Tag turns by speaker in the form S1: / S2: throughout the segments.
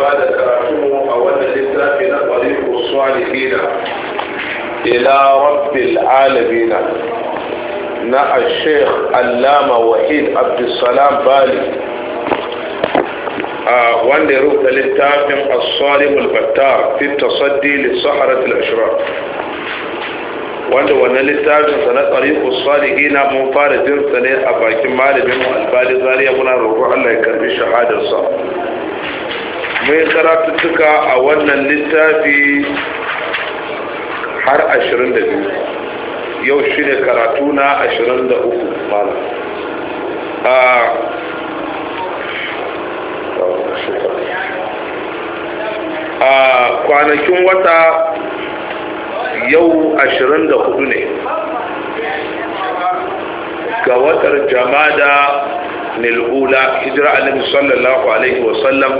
S1: بعد تراكمه أولا لله من طريق الصالحين إلى رب العالمين نا الشيخ علامة وحيد عبد السلام بالي آه وان روح للتافم الصالم البتار في التصدي لصحرة الأشرار وان وان للتافم سنة طريق الصالحين مفارد سنة أباكي مالي من البالي ظالي أبونا روح الله يكرمي شهادة الصالح mai karatuttuka a wannan littafi har 22 yau shi ne karatu na 23 malam a a kwanakin wata yau 24 ne ga watar jama'a da nil'ula hijira alim sallallahu alaihi wasallam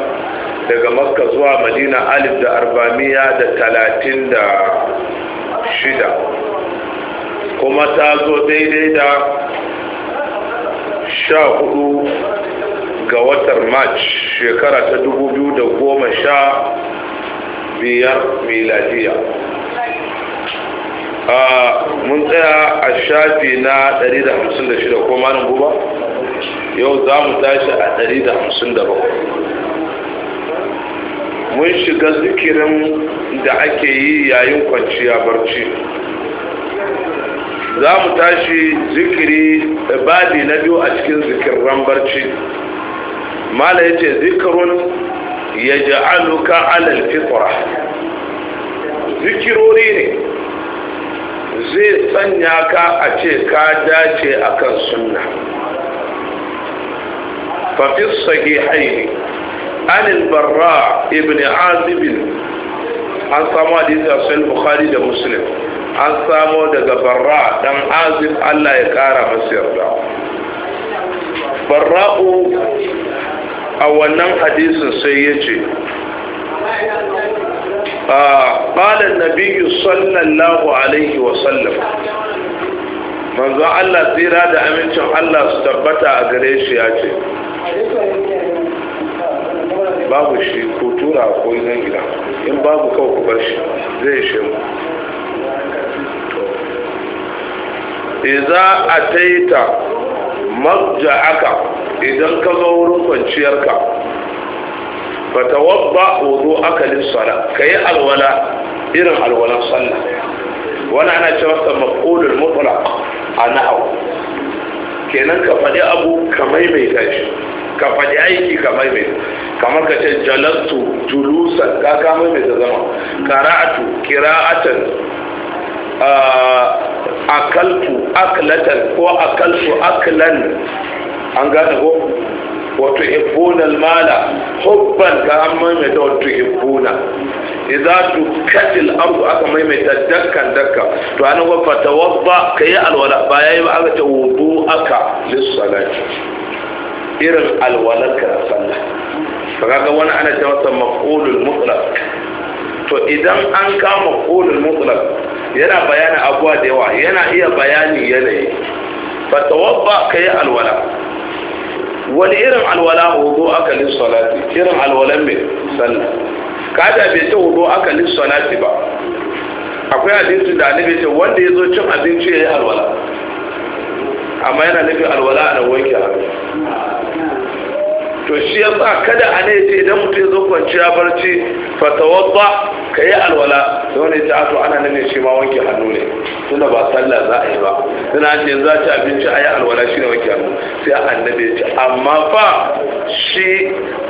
S1: daga makka zuwa madina alif da arba'amiya da talatin da shida kuma ta zo daidai da sha hudu ga watan march shekara ta dubu biyu da goma sha biyar miladiya mun tsaya a shafi na 156 ko malam guba yau za mu tashi a 157 mun shiga zikirin da ake yi yayin kwanciya barci za mu tashi zikiri babi na biyu a cikin zikirin barci mala ya ce zikirun ya ja'aluka alal fitra zikirori ne zai sanya ka a ce ka dace akan sunna fafi sahihaini anil barra ibn azibin an samu hadisi a sahih bukhari da muslim an samu daga barra dan azib Allah ya kara masa yarda barra'u a wannan hadisin sai ya ce قال النبي صلى الله عليه وسلم manzo Allah tsira da amincin Allah su tabbata a gare shi ce babu shi ko tura ko zan gida in babu kawai ku bar shi zai ishe mu iza mabja aka idan ka zo wurin kwanciyarka wuzo aka lissara ka yi alwala irin alwalan sallah wani ana ce sa makonin mutula a nahwu kenan ka faɗi abu ka maimaita shi ka faɗi aiki ka maimaita kamar ka ce jalastu julusan ka kama mai ta zama kara'atu kira'atan akaltu akalatan ko akaltu akalan an gane ko wato ibuna mala hubban ka an maimaita wato ibuna idza dukatil abu aka maimaita dakkan dakka to an wa fatawabba kai alwala ba yayi ba aka ta wudu aka lissalati irin alwalar ka sallah to kaga wani ana ce masa maf'ulul mutlaq to idan an kama maf'ulul mutlaq yana bayani abuwa da yawa yana iya bayani yanayi fa tawabba kai alwala wani irin alwala wudu aka salati irin alwalan mai sallah kada bai ta wudu aka salati ba akwai hadisi da annabi ce wanda ya zo cin abinci ya yi alwala amma yana nufin alwala a nan wanke hannu to shi ya sa kada a ne ce idan mutum zo kwanciya barci fatawadda ka yi alwala da wani ta ato ana nan ne shi ma wanke hannu ne tunda ba sallah za a yi ba tunda an ce za ci abinci a yi alwala shi ne wanke hannu sai annabi ya ce amma fa shi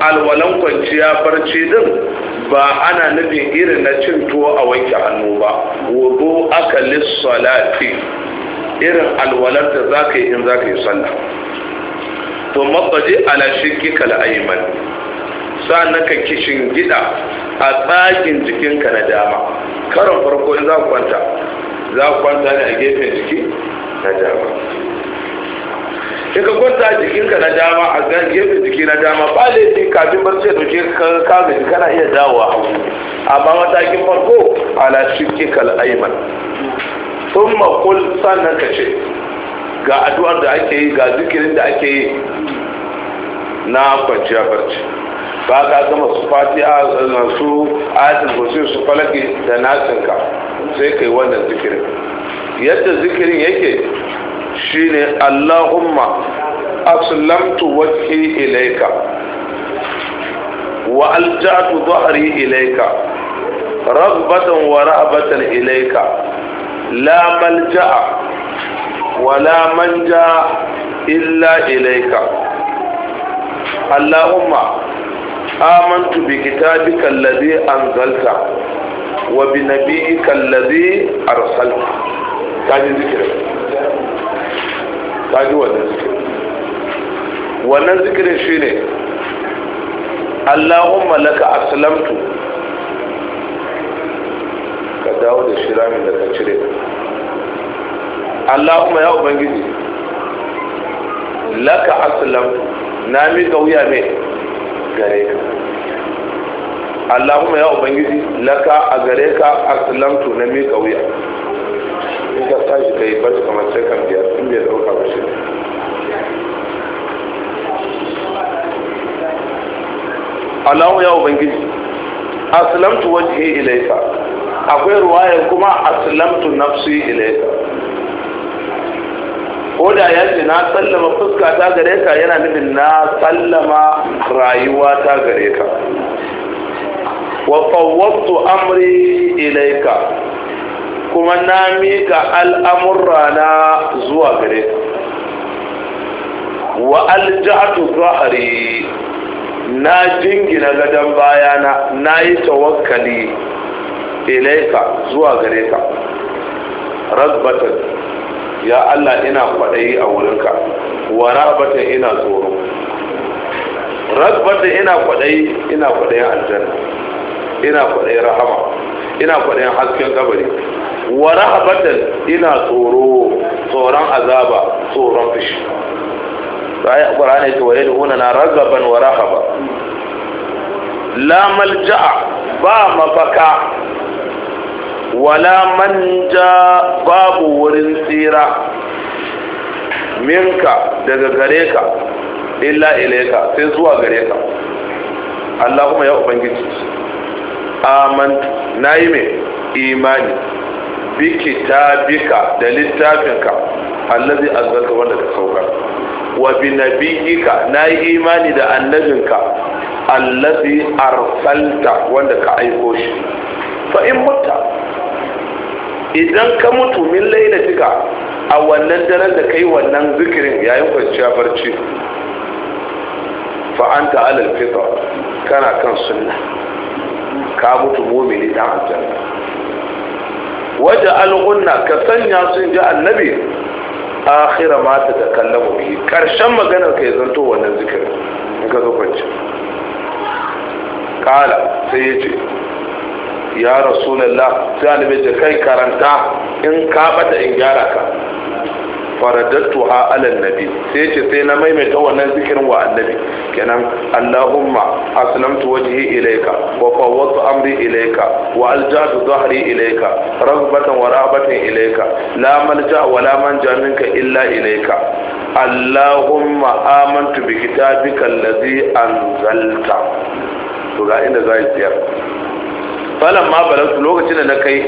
S1: alwalan kwanciya barci din ba ana nufin irin na cin tuwo a wanke hannu ba wudu aka lissalati irin alwalar da za ka yi in za ka yi sallah to matsaji ala shirki kala ayman sa'annan ka kishin gida a tsakin jikinka na dama karon farko in za ku kwanta za ku kwanta ne a gefen jiki na dama in ka kwanta a jikinka na dama a gefen jiki na dama ba laifin kafin barci ya dauke ka gaji kana iya dawowa a amma matakin farko ala shirki kala ayman sun makul sannan ka ce ga addu'ar da ake yi ga zikirin da ake yi na kwanciya barci ba ka gama su fati a su ayatun kusur su falaki da nasinka sai ka yi wannan zikirin yadda zikirin yake ne allahumma aslamtu wake ilaika wa alja'tu dhahri ilaika rabbatan wa ra'batan ilaika, la malja'a ولا منجا إلا إليك اللهم آمنت بكتابك الذي أنزلت وبنبيك الذي أرسلت تاني ذكر تاني وانا ذكر وانا ذكر شيني اللهم لك أسلمت ka dawo da shi ramin da ka cire Allahumma ya ubangiji laka aslam na miƙa wuya ne gare ka Allahumma ya ubangiji laka a gare ka to na miƙa wuya in ka tashi kai bar kamar sai kan biyar in bai dauka ba shi Allahumma ya ubangiji aslamtu wajhi ilayka akwai ruwayar kuma aslamtu nafsi ilayka ko da ya ce na sallama fuska ta gare ka yana nufin na sallama rayuwa ta gare ka wa fawwattu amri ilaika kuma na mika al'amurra na zuwa gare wa aljatu zahari na jingina gadon bayana na yi tawakkali ilaika zuwa gare ka rasbatan ya Allah ina kwaɗayi a wurinka wa rabatan ina tsoro rabatan ina kwaɗayi ina kwaɗayin aljanna ina kwaɗayin rahama ina kwaɗayin hasken kabari wa rahabatan ina tsoro tsoron azaba tsoron fishi sai alquran yake wa yad'una na ragaban wa rahaba la malja'a ba mafaka wala manja babu wurin tsira minka daga gare ka illa ilaika sai zuwa gare ka Allah kuma ya ubangiji amantu na yi mai imani bi kitabika da littafinka allazi azzalka wanda ka saukar wa bi nabiyika na yi imani da annabinka allazi arsalta wanda ka aiko shi fa in mutta idan ka mutu min lailatika a wannan daren da kai wannan zikirin yayin kwanciya barci fa anta alal fitra kana kan sunna ka mutu mu'mini dan aljanna Wajen al'unna ka sanya sun ji annabi a akhira mata ta takallamu bihi karshen maganar ka ya zanto wannan zikirin in ka zo kwanci kala sai ya ce ya rasulullah sai annabi kai karanta in ka bata in gyara ka ha ala nabi sai ce sai na maimaita wannan zikirin wa annabi kenan allahumma aslamtu wajhi ilayka wa fawwadtu amri ilayka wa aljatu dhahri ilayka raghbatan wa rahbatan ilayka la malja wa la manja minka illa ilayka allahumma amantu bi kitabika allazi anzalta to ga inda zai tsaya falan ma balagtu lokacin da na kai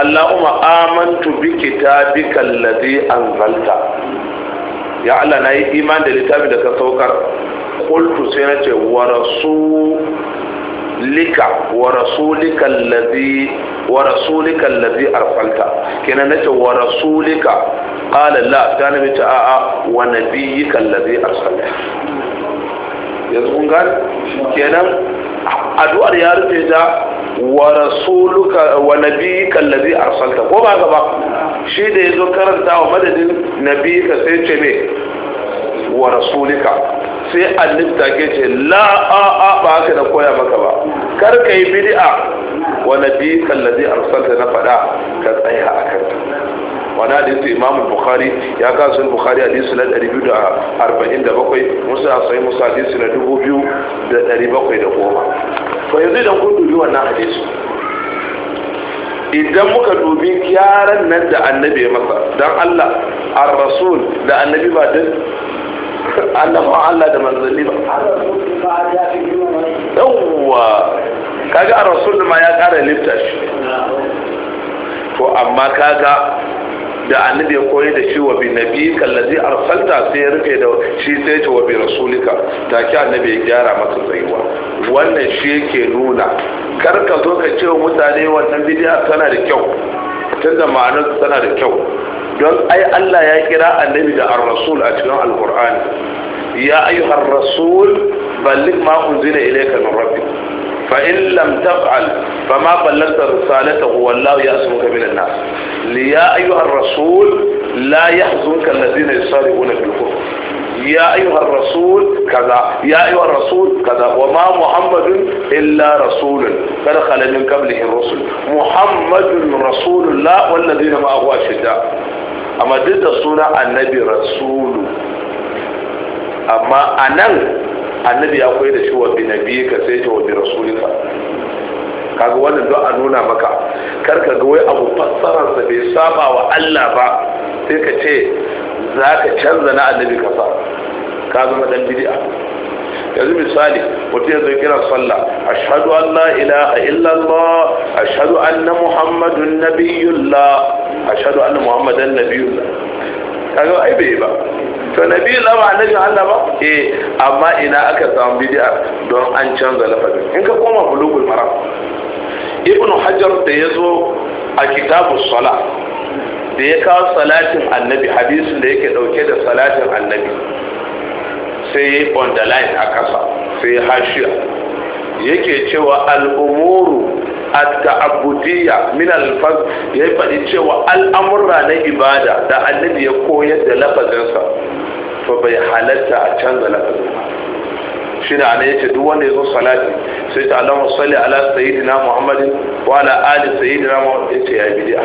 S1: Allahumma amantu bi kitabika allazi anzalta ya Allah na yi iman da littafin da ka saukar qultu sai na ce wa rasulika wa rasulika allazi wa rasulika allazi arsalta kenan nace wa rasulika qala la ta nabi ta a'a wa nabiyyika allazi arsalta yanzu kun gane kenan addu'ar ya rufe ta wa rasuluka wa nabiyika allazi arsalta ko ba gaba shi da yazo karanta wa madadin nabiyika sai ce me wa rasulika sai ta ke ce la a a ba haka da koya maka ba kar ka yi bid'a wa nabiyika allazi arsalta na fada ka tsaya akan ta wani hadisi imamu bukhari ya kasu bukhari hadisi na 247 musa sai musa hadisi na 2710 to yanzu idan kun dubi wannan hadisi idan muka dubi gyaran nan da annabi ya masa don allah ar-rasul da annabi ba don annabawan allah da manzanni ba yawwa kaga ar-rasul ma ya kara lifta shi to amma kaga da annabi ya koyi da shi wa bi nabi kallazi arsalta sai ya rufe da shi sai ta wa bi rasulika take annabi ya gyara masa tsayuwa wannan shi yake nuna kar ka zo ka ce wa mutane wannan bidiya tana da kyau da ma'anar tana da kyau don ai Allah ya kira annabi da ar-rasul a cikin alqur'ani ya ayyuhar rasul balligh ma unzila ilayka min rabbik فإن لم تفعل فما بلغت رسالته والله يأسمك من الناس ليا أيها الرسول لا يحزنك الذين يصارعون في الكفر يا أيها الرسول كذا يا أيها الرسول كذا وما محمد إلا رسول فدخل من قبله الرسل محمد رسول الله والذين معه أشداء أما ضد الصورة النبي رسول أما أنا annabi ya koyar da shi wa binabi ka sai ta wa bi rasulika kaga wannan don a nuna maka kar ka ga wai abu fassararsa bai saba wa Allah ba sai ka ce za ka canza na annabi ka sa ka zama dan bid'a yanzu misali mutum ya zo kira sallah ashhadu an la ilaha illallah ashhadu anna muhammadun nabiyullah ashhadu anna muhammadan nabiyullah kaga ai bai ba to nabi lama annabi Allah ba eh amma ina aka samu bid'a don an canza lafazin in ka koma bulugul maram ibnu hajar da yazo a kitabus sala da ya kawo salatin annabi hadisin da yake dauke da salatin annabi sai on the line a kasa sai hashiya yake cewa al'umuru a ta'abudiyya min alfaz ya faɗi cewa al'amura na ibada da annabi ya koyar da lafazinsa fa bai halatta a canza lafazin shi da ana yace duk wanda ya zo salati sai ta Allahumma salli ala sayyidina Muhammadin wa ala ali sayyidina Muhammad yace ya bid'a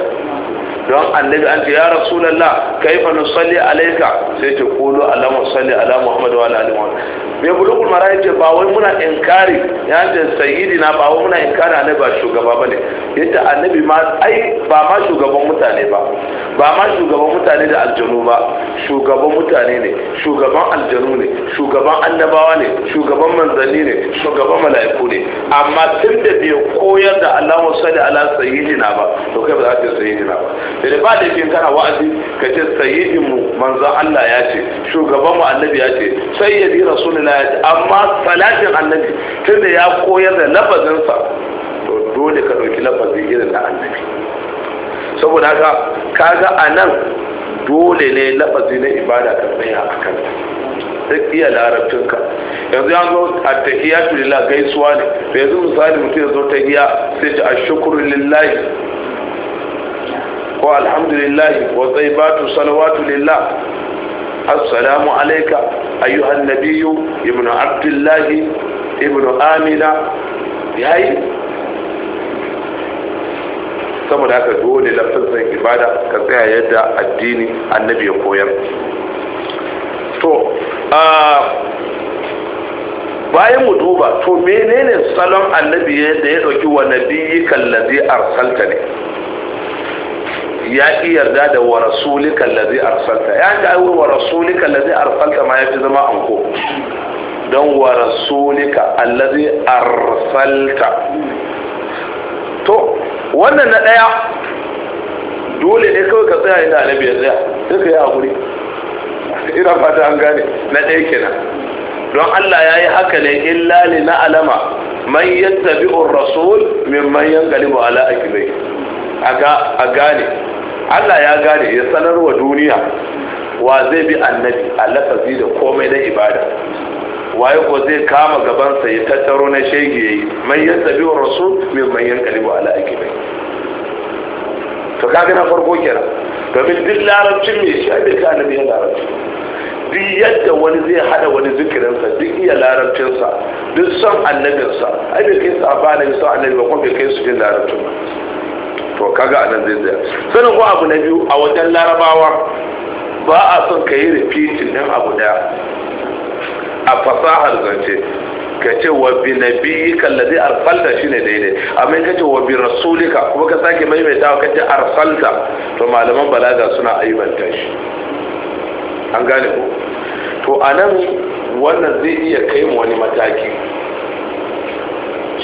S1: don annabi an ce ya rasulullah kaifa nusalli alayka sai ta qulu allahumma salli ala muhammad wa ala ali muhammad bai bulugul marayi ce ba wai muna inkari ya ce sayyidina ba wai muna inkari annabi ba shugaba bane yadda annabi ma ai ba ma shugaban mutane ba ba ma shugaban mutane da aljanu ba shugaban mutane ne shugaban aljanu ne shugaban annabawa ne shugaban manzanni ne shugaban mala'iku ne amma tun da bai koyar da allahumma salli ala sayyidina ba to kai ba za ka sayyidina ba da ba da yake kana wa'azi ka ce sayyidinmu manzo Allah ya ce shugaban mu annabi ya ce sayyidi rasulullah ya ce amma salatin annabi tunda ya koyar da lafazinsa to dole ka dauki lafazin irin na annabi saboda haka kaga anan dole ne lafazi na ibada ka tsaya a kanta duk iya larabcinka yanzu ya zo a tahiya lillah gaisuwa ne yanzu misali mutum ya zo tahiya sai ta ashukuru lillahi ko لله وطيبات صلوات لله السلام عليك أيها النبي ابن عبد الله ابن آمنة yayi saboda haka dole lafazin ibada ka tsaya yadda addini annabi ya koyar to bayan mu duba to menene salon annabi da ya dauki wa nabiyyi kallazi arsalta ne ya ki yarda da wa rasulika allazi arsalta ya ga wa rasulika Lazi arsalta ma ya fi zama anko don wa rasulika allazi arsalta to wannan na ɗaya dole ne kawai ka tsaya inda annabi ya tsaya sai ka yi hakuri ina fata an gane na ɗaya kenan don Allah ya yi haka ne illa li na alama man yattabi'ur rasul min mimman galibu ala akibai a gane allah ya gane ya sanar wa duniya wa zai bi annabi a lafazi da komai na ibada waye ko zai kama gabansa ya tattaro na shege ya yi man yan tabi wa rasu mai man kalibu ala ake bai to kaga na farko kenan domin duk larabcin mai shi abin ka annabi ya larabci duk yadda wani zai hada wani zikirinsa duk iya larabcinsa duk son annabinsa abin kai su a ba son annabi ba kuma kai su jin larabcin ba to kaga anan zai zai sanin ko abu na biyu a wajen larabawa ba a son ka yi repeating nan abu da a fasahar zance ka ce wa bi na nabiyika alladhi arsalta ne daidai amma ka ce wa bi rasulika kuma ka sake maimaitawa ka ce arsalta to malaman balaga suna aibanta shi an gane ko to anan wannan zai iya kai mu wani mataki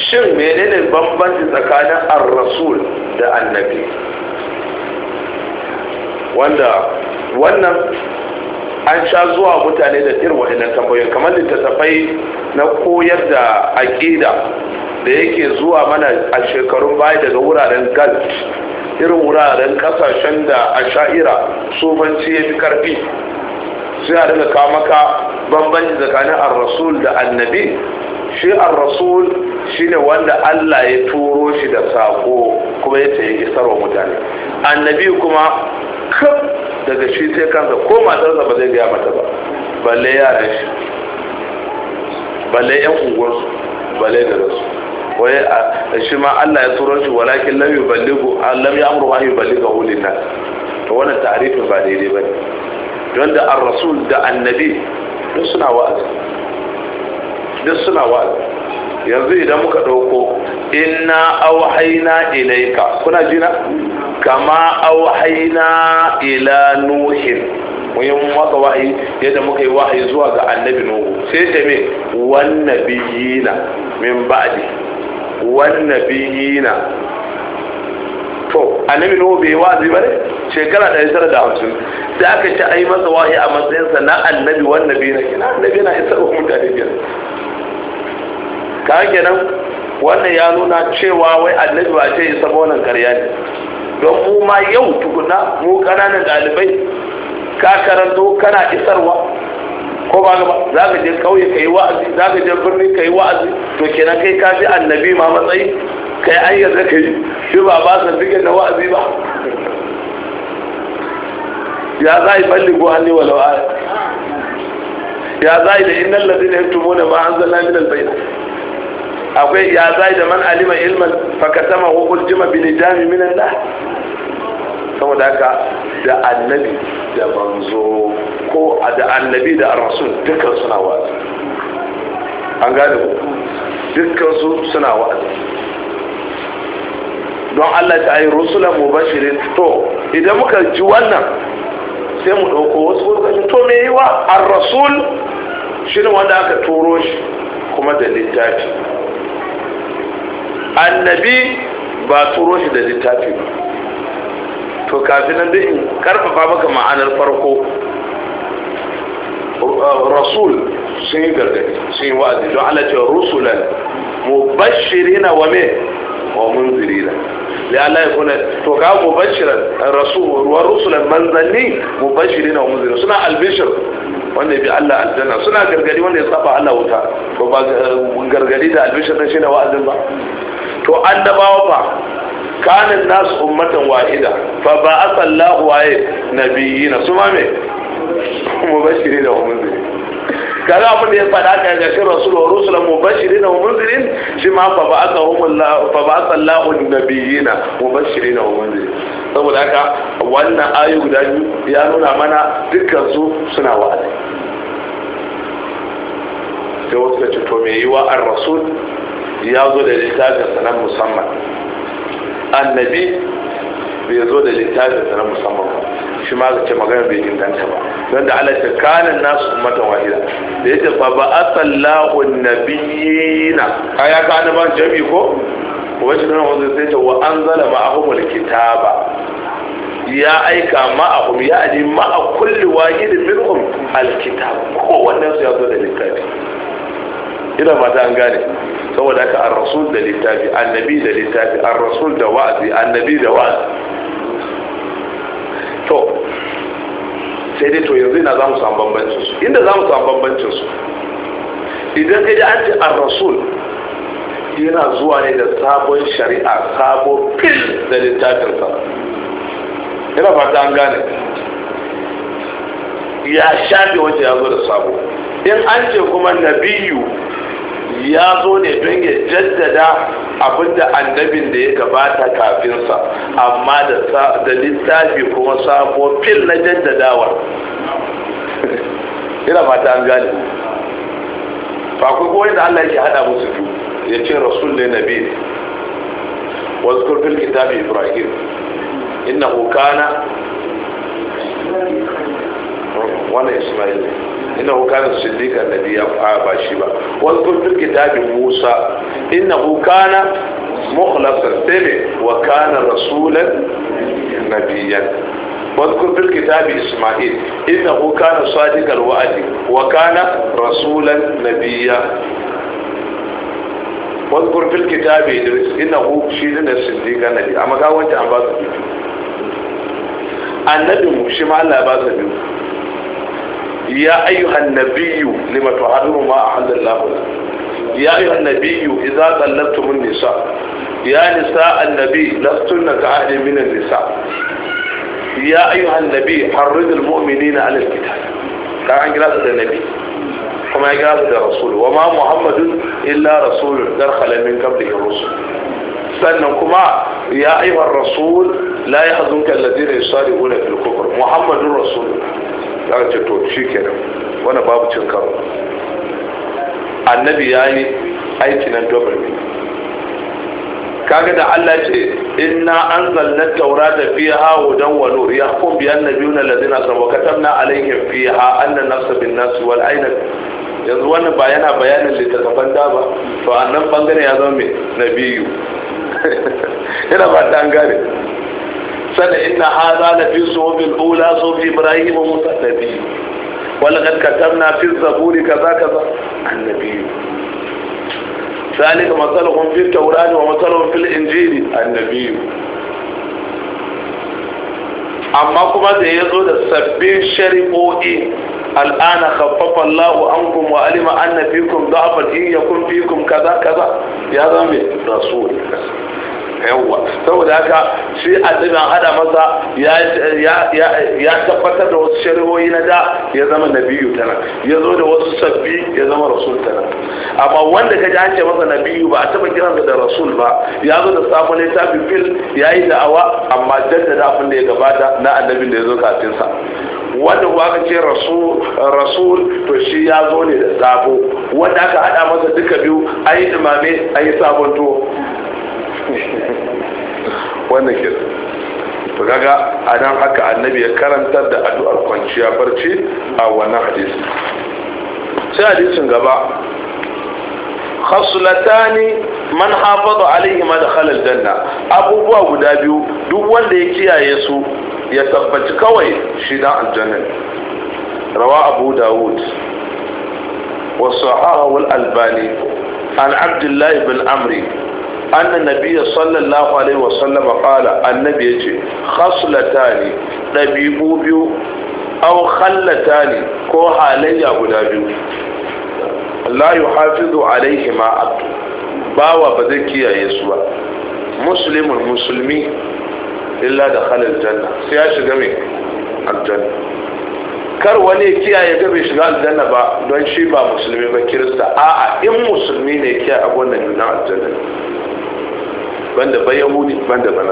S1: shin menene bambanci tsakanin ar-rasul da annabi wanda wannan an sha zuwa mutane da irin waɗannan tambayoyin kamar littattafai na koyar da aƙida da yake zuwa mana a shekarun baya daga wuraren galt irin wuraren kasashen da a sha'ira sufanci ya fi karfi suna a daga kawo bambanci tsakanin ar-rasul da annabi shi ar-rasul ne wanda Allah ya turo shi da sako kuma ya tayi isarwa mutane annabi kuma kaf daga shi sai kansa ko matarsa ba zai gaya mata ba balle yaran shi balle yan unguwarsu balle da rasu waye shi ma Allah ya turo shi walakin lam yuballighu lam ya'muru wa yuballighu lin nas to wannan ta'arifin ba daidai bane don da ar-rasul da annabi duk suna wa'azi duk suna wa'azi yanzu idan muka ɗauko inna auhaina ilaika kuna jina kama auhaina ila nuhin muhimmin maka wahayi yadda muka yi wahayi zuwa ga annabi nuhu sai ta me wannabiyina min ba'di wannabiyina to annabi nuhu bai wazi bane shekara 950 Da aka ci ai masa wahayi a matsayinsa na annabi wannabiyina kina annabi na isa ko mutane biyar ka kenan wannan ya nuna cewa wai annabi ba ce isa wannan karya ne don mu ma yau tukuna mu kananan dalibai ka karanto kana isarwa ko ba gaba za ka je kauye ka yi wa'azi za ka je birni ka yi wa'azi to kenan kai ka ji annabi ma matsayi ka yi ayyar da ka yi shi ba ba san digin na wa'azi ba ya za yi balli ko hannu wa lawa ya za yi da innan da ya tumo da ba an zalla min albayna akwai ya zai da man alima ilman fakasama wa uljima bi nijami min Allah saboda haka da annabi da manzo ko da annabi da rasul dukkan suna wa'azi an gane ku? dukkan su suna wa'azi don Allah ta yi mu bashirin to idan muka ji wannan sai mu ɗauko wasu lokacin to me yi wa A rasul shi ne wanda aka turo shi kuma da littafi annabi ba turo shi da littafi ba to kafin nan in karfafa maka ma'anar farko rasul sun yi gargadi sun yi wa'azi don ala cewa rusulan mu mubashirina wa me wa munzirina da Allah ya kuna to ka mu rasul wa rusulan manzanni mubashirina wa mun munzirina suna albishir wanda ya bi Allah aljanna suna gargadi wanda ya saba Allah wuta ba gargadi da albishir na shi na wa'azin ba to annabawa fa kanin nasu ummatan wahida fa ba asallahu waye nabiyina su ma me mubashiri da munziri kaga abin da ya faɗa ka ga shi rasul wa mu mubashirin da munzirin shi ma fa ba'atha humullahu fa ba'atha Mu nabiyina da wa munzirin saboda haka wannan ayu guda ya nuna mana dukkan su suna wa'azi sai wasu ka ce to yi wa ar-rasul ya zo da littafinsa na musamman annabi bai zo da littafinsa na musamman shi ma ga ce magana bai inganta ba don da ala ta kanin nasu ummatan wahida da yake fa ba a tsallahu nabiyina a ya kani ban jami ko wacce nan wanzu sai ta wa an zala ma'ahumul kitaba ya aika ma'ahum ya aji ma'a kulli wahidin minhum alkitab kowannen su ya zo da littafi ina mata an gane saboda haka an rasul da littafi annabi da littafi an rasul da wa'azi annabi da wa'azi to sai dai to yanzu ina za mu samu bambancin su inda za mu samu bambancin su idan ka ji an ce an rasul yana zuwa ne da sabon shari'a sabo fil da littafinsa ina fata an gane ya shafe wanda ya zo da sabo in an ce kuma nabiyu ya zo ne don ya jaddada abinda annabin da ya gabata kafinsa amma da littafi kuma sabo fil na jaddadawa ina mata an gane ba ku kowai da Allah yake hada musu biyu ya ce rasul ne nabi wasu fil kitab ibrahim innahu kana wannan ismail ne إنه كان الصديق الذي يفعل باشيبا واذكر في كتاب موسى إنه كان مخلصا سمع وكان رسولا نبيا واذكر في الكتاب إسماعيل إنه كان صادق الوعد وكان رسولا نبيا واذكر في الكتاب إدريس إنه شيدنا الصديق النبي أما كان وانت عن بعض النبي النبي مشي مع الله بعض النبي يا أيها النبي لما تحرم ما أحل الله يا أيها النبي إذا طلبتم النساء يا نساء النبي لستن كأهل من النساء يا أيها النبي حرض المؤمنين على الكتاب كان عن جلاسة النبي وما جلاسة الرسول وما محمد إلا رسول درخل من قبله الرسل سنكما يا أيها الرسول لا يحزنك الذين يصارعون في الكفر محمد رسول الله ce to shi kenan wani babu cin karo annabi ya yi aiki nan dobarmi kaga da Allah ce inna anzalna taurata fiha hudan wa na yahkum bi annabiyuna alladhina sabaqa katabna alaihim fiha anna nafsa bin wal yanzu wannan ba yana bayanin littattafan to annan bangare ya zama mai biyu. yana ba ta gane سنة إن هذا لفي صحب الأولى صحب إبراهيم ومتنبي ولقد كتبنا في الزبور كذا كذا النبي ذلك مثلهم في التوراة ومثلهم في الإنجيل النبي أما كما تيزو السبين شرقوئي الآن خفف الله أنكم وألم أن فيكم ضعفا إن يكون فيكم كذا كذا يا رسول yawwa saboda haka shi tsibin hada masa ya tabbatar da wasu shari'o'i na da ya zama nabiyu tana ya zo da wasu sabbi ya zama rasul tana amma wanda ka ji ake masa nabiyu ba a taba kiran da rasul ba ya zo da sabon littafi fil ya yi da'awa amma jaddada abin da ya gabata na annabin da ya zo kafin sa wanda kuwa aka ce rasul to shi ya zo ne da sabo wanda aka hada masa duka biyu ayi yi dumame a yi sabon tuwo wannan ke to kaga a nan haka annabi ya karantar da addu'ar kwanciya barci a wannan hadisi sai hadisin gaba khasulatani man hafaza alaihi madkhal aljanna abubuwa guda biyu duk wanda ya kiyaye su ya tabbaci kawai shi dan aljanna rawa abu dawud wa sahahu al-albani an abdullah ibn amri annan nabiya sallallahu alaihi wasallama kala annabi ya ce khasulata ne ɗabi'u biyu au khallata ne ko halayya guda biyu la yuhafizu alaihi ma abdu bawa ba zai kiyaye su ba muslimun musulmi illa da khalil janna sai ya shiga mai aljanna kar wani kiyaye ga bai shiga aljanna ba don shi ba musulmi ba kirista a'a in musulmi ne kiyaye a wannan nuna aljanna banda ba yahudi banda ba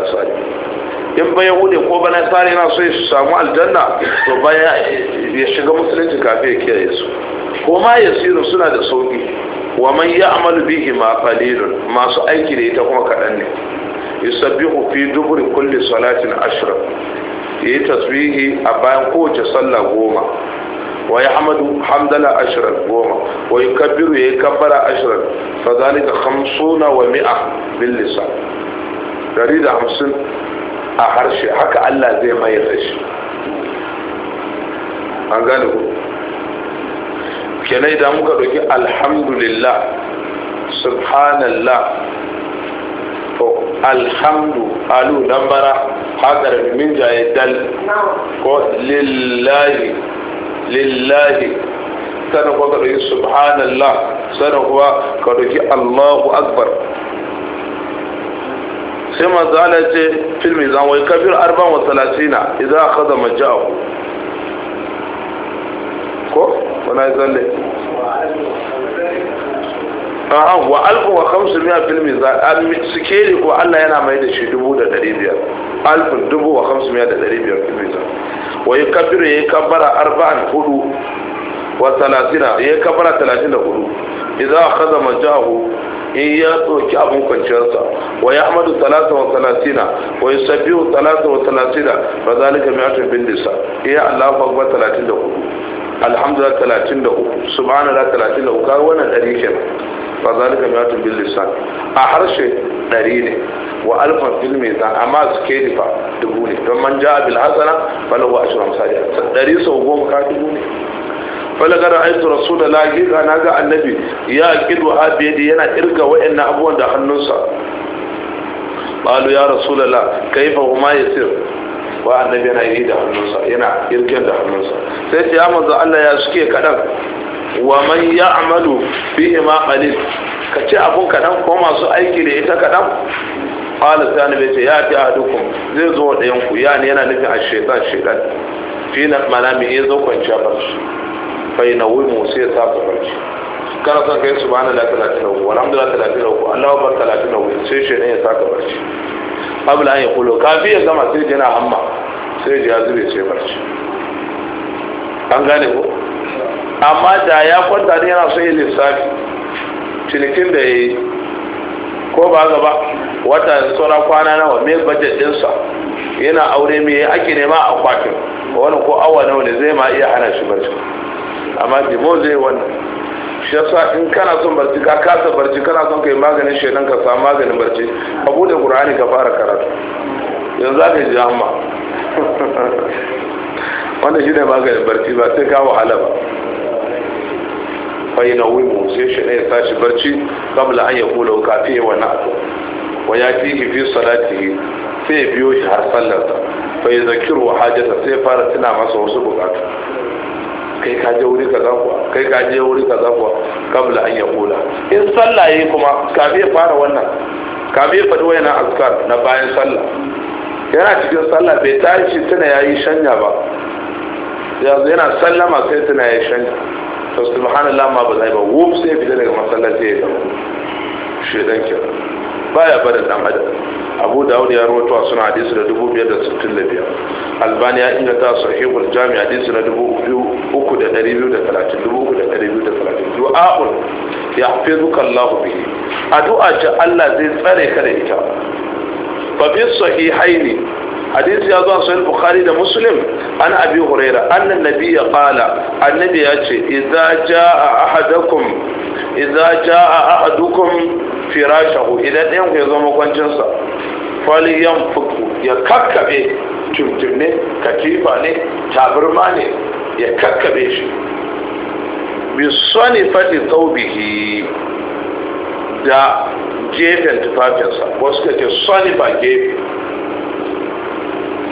S1: in ba yahudi ko banasari nasari na so su samu aljanna to baya ya shiga musulunci kafin ya kiyaye su ko ma ya siru suna da sauki wa man ya'malu bihi ma qalilun masu aiki da ita kuma kadan ne yusabbihu fi duburi kulli salatin ashra yi tasbihi a bayan kowace sallah goma wa ya hamadu hamdala ashirar goma wa kabiru ya yi kabbara ashirar fa zalika hamsuna wa mi'a bin lisa dari da hamsin a harshe haka allah zai mayar da shi an gane ku kenan idan muka ɗauki alhamdulillah subhanallah to alhamdu alu lambara haka da min jaye dal ko lillahi lillahi sana kuwa ka ɗauki subhanallah sana kuwa ka ɗauki allahu akbar sai manzo Allah ce fil mizan wai kabir arban wa talatina aka zama majaahu ko wala zalle a'a wa alfu wa kamsu miya fil mizan sikeli ko Allah yana mai da shi dubu da dari biyar alfun dubu wa kamsu miya da dari biyar fil mizan wa yi kabiru ya yi kabara arba'an hudu wa talatina ya yi kabara talatin da hudu idan a kaza majahu in ya ɗauki abin kwanciyarsa wa ya amadu talata wa talatina wa yi sabihu talata wa talatina ba zalika miyatun bin lisa iya Allah fa talatin da hudu alhamdulillah 33 da subhanallah talatin da kawo wannan ɗari ke ba za ka miya bil a harshe ɗari ne wa alfan fil mizan amma su ke difa dubu ne don man ja bil hasana falahu ashrun sadiya ɗari sau goma ka dubu ne falagar aitu rasulullahi ga na ga annabi ya kidu abiyadi yana irga wa'annan abubuwan da hannunsa balu ya rasulullah kayfa huma yasir wa annabi yana yi da hannunsa yana irgen da hannunsa sai ce ya manzo Allah ya suke kadan wa man ya'malu bihi ma qalil ka ce abun kadan ko masu aiki da ita kadan qala sai annabi ce ya ta adukum zai zo yanku ku ne yana nufin a shaytan shaytan fi na manami ya zo kwanciya barci fai na wai mu sai ta barci kana son kai subhanallahi 33 walhamdulillah 33 Allahu akbar 33 sai shaytan ya saka barci qabla an yaqulu kafi ya gama sai jina hamma sai da ya zube ce barci an gane ko amma da ya kwanta ne yana so yin lissafi cinikin da ya yi ko ba gaba wata sauran kwana nawa mai budget dinsa yana aure mai ake nema a kwakin wani ko awa nawa ne zai ma iya hana shi barci amma jimo zai wannan shi yasa in kana son barci ka kasa barci kana son kai maganin shaidan ka samu maganin barci ka bude qur'ani ka fara karatu yanzu za ka ji amma wannan shi ne maganin barci ba sai ka wahala ba bai na wimu sai shi ne sa shi barci kamla an ya kula wa na abu wa ya fi fi salati sai ya biyo shi har sallarsa bai zakiru hajjata sai fara tuna masa wasu bukatu kai ka je wuri ka kuwa kai ka je wuri ka kuwa kabla an ya kula in sallah kuma kafin ya fara wannan kafin ya faɗi yana azkar na bayan sallah yana cikin sallah bai tashi tana ya yi shanya ba yanzu yana sallama sai tana ya yi shanya to subhanallah ma ba zai ba wuf sai fita daga masallaci ya zama shedan Ba baya barin dan adam abu dawud ya rawaito suna hadisi da 2565 albani ya inganta sahihul jami hadisi na 3230 du'a'un yahfizuka allahu bihi addu'a ce Allah zai tsare ka da ita fa bi sahihaini hadisi ya zo san bukhari da muslim an abi huraira anna nabiyya qala annabi ya ce idza jaa ahadukum idza jaa ahadukum firashahu idan ɗayan ku ya zo makwancinsa faliyan fuku ya katifa ne ne ya shi bi sani fadi da gefen tufafinsa wasu ka ce ba gefe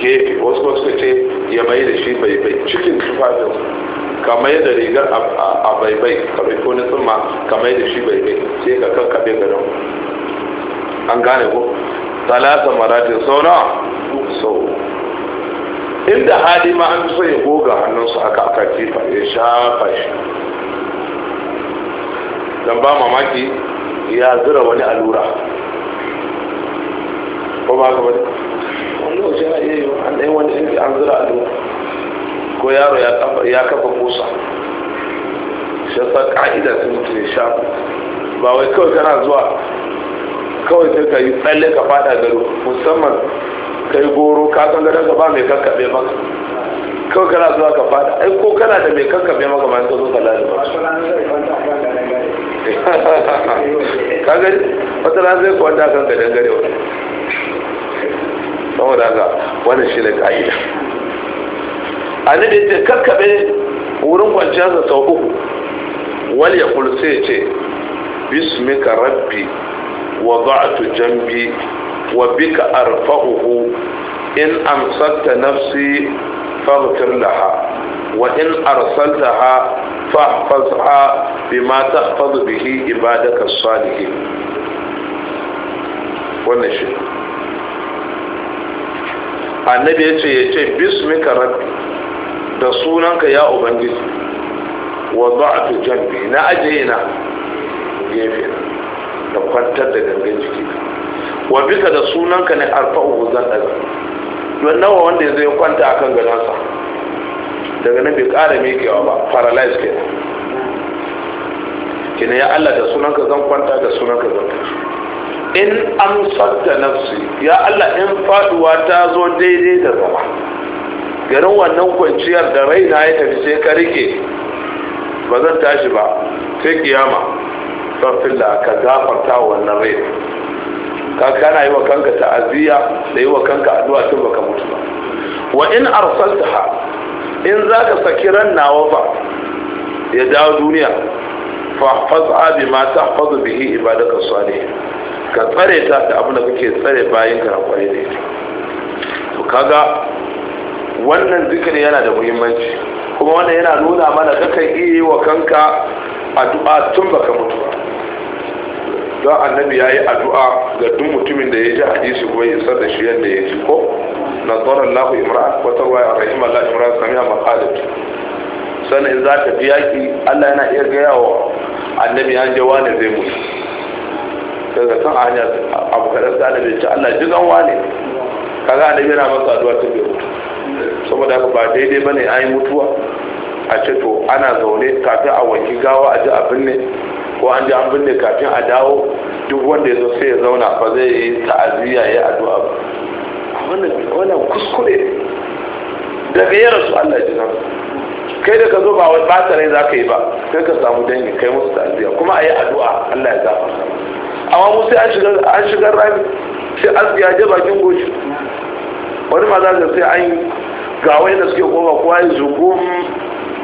S1: gefe wasu ka suka ce ya mai da shi baibai cikin tufafinsa kamar yadda rigar a baibai kamar ko na tsumma kamar yadda shi baibai sai ka kankabe gadon an gane ko talata maratin sauna na sau inda hali ma an fi ya goga hannunsu haka aka kifa ya shafa shi don ba mamaki ya zura wani alura, ko ba ka bane wani wani yanki an zura alura ko yaro ya kafa kusa shi yasa ka'ida su mutu ya sha ba wai kawai kana zuwa kawai sai ka yi tsalle ka fada gado musamman kai goro ka san gadon ka ba mai kakkaɓe ba kawai kana zuwa ka fada ai ko kana da mai kanka mai maka bayan ka zo kalla da ka gani wata rana zai kwanta kan ka dangare wa saboda haka wani shi ne ka'ida annabi ya ce kakkaɓe wurin kwanciyarsa sau uku wal ya kulse ya ce bismika rabbi wa ba'atu jambi wa bika arfa'uhu in amsatta nafsi فاغفر wannan shi annabi ya ce ya ce bismika rabbi da sunanka ya ubangiji wa za'atu jambi na ajiye na gefe da kwantar da gangan jiki wa da sunanka ne arfa'u zan daga don nawa wanda ya zai kwanta akan gadonsa daga nan bai ƙara mekewa ba paralyze ke kina ya Allah da sunan ka zan kwanta da sunan ka zan in an sadda nafsi ya Allah in faduwa ta zo daidai da zama garin wannan kwanciyar da raina ya tafi sai ka rike ba zan tashi ba sai kiyama farfilla ka gafarta wannan raina ka kana yi wa kanka ta'aziyya da yi wa kanka addu'a tun baka mutu ba wa in arsaltaha in zaka saki ran nawa ya dawo duniya fa faz'a bima tahfazu bihi ibadaka salihin ka tsare ta da abin da kake tsare bayan ka kware da ita to kaga wannan zikiri yana da muhimmanci kuma wannan yana nuna mana kakan iya yi wa kanka addu'a tun baka mutu ba don annabi ya yi addu'a ga duk mutumin da ya ji hadisi ko ya isar da shi yadda ya ji ko na tsoron lahu imran wata ruwa a rahim allah imran sami a makalit sannan in za ta biya ki allah yana iya gaya wa annabi an jawa ne zai mutu daga kan hanyar abu kaɗan da annabi ce allah ji zan wane kaga annabi yana masa addu'a ta biyu mutu saboda ba daidai ba ne an yi mutuwa a ce to ana zaune kafin a wanki gawa a ji abin ne ko an ji an binne kafin a dawo duk wanda ya zo sai ya zauna ba zai yi ta'aziyya ya addu'a ba wannan kuskure daga ya su Allah ya ji kai da ka zo ba wai bata rai zaka yi ba sai ka samu dangi kai musu ta'aziyya kuma ayi addu'a Allah ya gafarta amma mu sai an shiga an shiga rami sai an asiya je bakin goshi wani ma za ka sai an ga wai da suke koma kowa ya zugum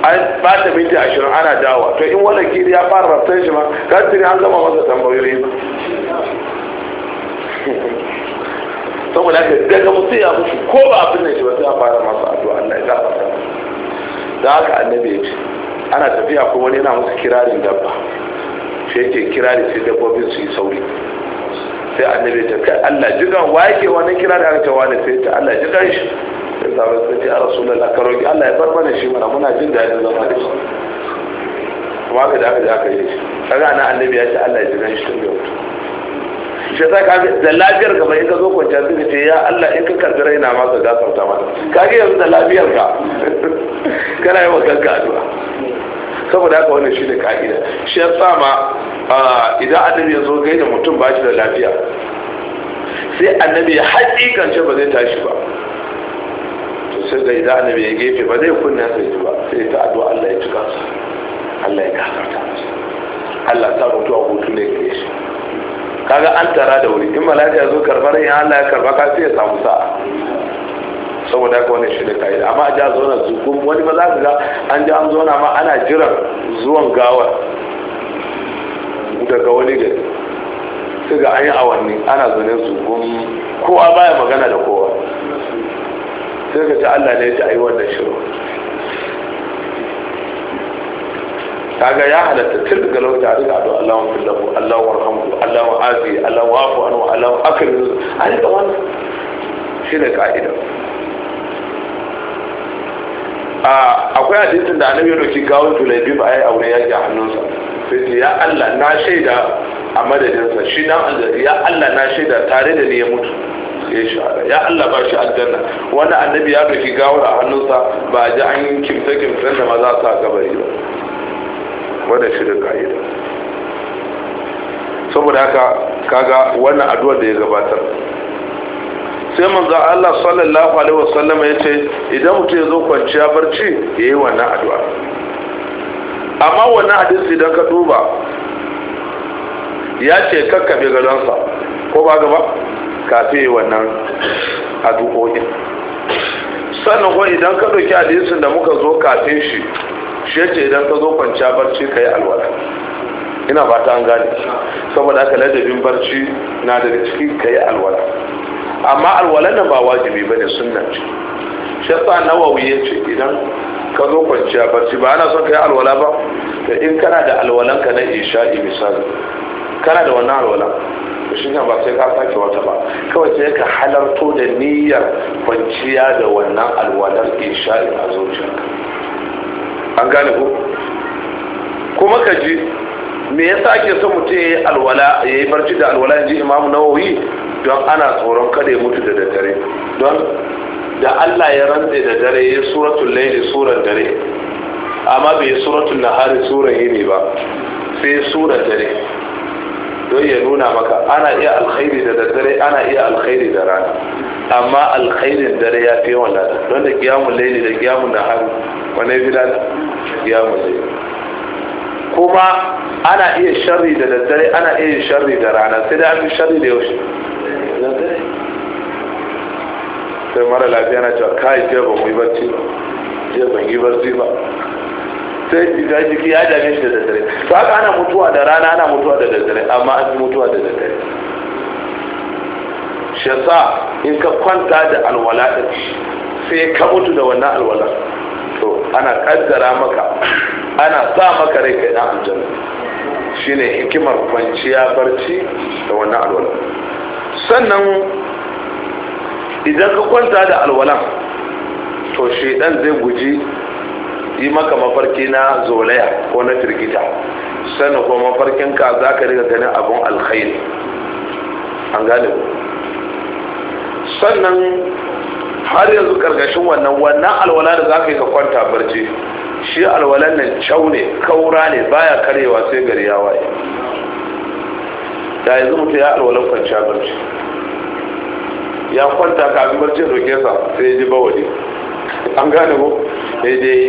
S1: an bata minti ashirin ana dawa to in wannan kiri ya fara rafsan shi ma kasiri an gama masa tambayoyi ba saboda haka daga musu ya mutu ko ba abin da shi ba sai fara masa addu'a Allah ya ta da haka annabi ya ce ana tafiya ko wani yana musu kirarin dabba shi yake kirari sai dabbobin su yi sauri sai annabi ta kai Allah jigan wa yake wannan kirarin aka ta wani sai ta Allah jigan shi ya sa wasu ce a rasulullah ka allah ya bar mana shi mana muna jin daɗin zama da shi kuma aka da aka da aka yi shi kaga na annabi ya ce allah ya ji gan shi tun da wuta shi ta ka da lafiyar ka bai ka zo kwanciya suka ce ya allah in ka karbi raina ma ka gafarta mana kage yanzu da lafiyar ka kana yi wa kanka addu'a saboda haka wannan shi ne ka'ida shi ya sa ma idan annabi ya zo gaida mutum ba shi da lafiya sai annabi ya haƙiƙance ba zai tashi ba to sai ga idan annabi ya gefe ba zai kunna sai ji ba sai ta addu'a Allah ya cika su Allah ya gafarta masa Allah ta mutu a hutu ne ke shi kaga an tara da wuri in malaka zo karbar in Allah ya karba ka sai ya samu sa saboda haka wannan shi da kai amma a ja zauna su kuma wani ba za ka ga an ji an zauna ma ana jiran zuwan gawar daga wani gari sai ga an yi awanni ana zaune su kuma kowa baya magana da kowa sai ka ci allah ne ta yi wannan shiru kaga ya halatta tun daga lokaci a duka addu'a Allahu fillahu Allahu warhamhu Allahu afi Allahu afu anhu Allahu akrim a duka wannan ne ka'ida akwai hadisin da annabi ya doki gawon tulabi ba ai aure ya a hannunsa sai ce ya Allah na shaida a madadinsa shi dan aljanna ya Allah na shaida tare da ni ya mutu ya shahada ya Allah ba shi aljanna wani annabi ya ɗauki gawar a hannunsa ba a ji an kimta kimtan da ma za su kabari ba wanda shi da ka'ida saboda haka kaga wannan addu'ar da ya gabatar sai manzo Allah sallallahu alaihi wasallam ya ce idan mutum ya zo kwanciya barci yayi wannan addu'a amma wannan hadisi idan ka duba ya ce kakkabe gadonsa ko ba gaba kafin wannan addu'o'in sannan kuma idan ka ɗauki hadisin da muka zo kafin shi shi ce idan ka zo kwanciya barci ka yi alwala ina fata an gane saboda aka ladabin barci na da ciki ka yi alwala amma alwala nan ba wajibi ba ne sunna ce shi yasa nawawi ya ce idan ka zo kwanciya barci ba ana son ka yi alwala ba da in kana da alwalanka na isha'i misali kana da wannan alwala ba sai ka sake wata ba kawai sai ka halarto da niyyar kwanciya da wannan alwalar isha'in a zuciyarka an gane ku. kuma ka ji me yasa ake son mutum ya yi alwala ya yi barci da alwala in ji imamu nawawi don ana tsoron kada ya mutu da daddare don da allah ya rantse da dare ya yi suratul laili surar dare amma bai yi suratul nahari surar yini ba sai surar dare don ya nuna maka ana iya alkhairi da daddare ana iya alkhairi da rana amma alkhairin dare ya fi yawan lada don da kiyamun laili da kiyamun nahar wane fi lada kiyamun laili kuma ana iya sharri da daddare ana iya sharri da rana sai dai an fi sharri da yaushe sai mara lafiya na cewa kai jiya mu yi barci ba jiya ban yi barci ba sai da jiki ya dame shi da daddare to haka ana mutuwa da rana ana mutuwa da daddare amma an fi mutuwa da daddare shasa in ka kwanta da alwala ɗin sai ka mutu da wannan alwala to ana kaddara maka ana sa maka rai kai na aljanna shine hikimar kwanciya barci da wannan alwala sannan idan ka kwanta da alwalan to shedan zai guji yi maka mafarki na zolaya ko na firgita sannan kuma ka za ka riga ganin abin alkhairi an gane sannan har yanzu karkashin wannan wannan alwala da za ka yi ka kwanta barci shi alwalan nan cau ne kaura ne baya karewa sai gari ya waye da yanzu mutu ya alwalan kwanciya barci ya kwanta kafin barci roke sa sai ya ji bawali an gane ko daidai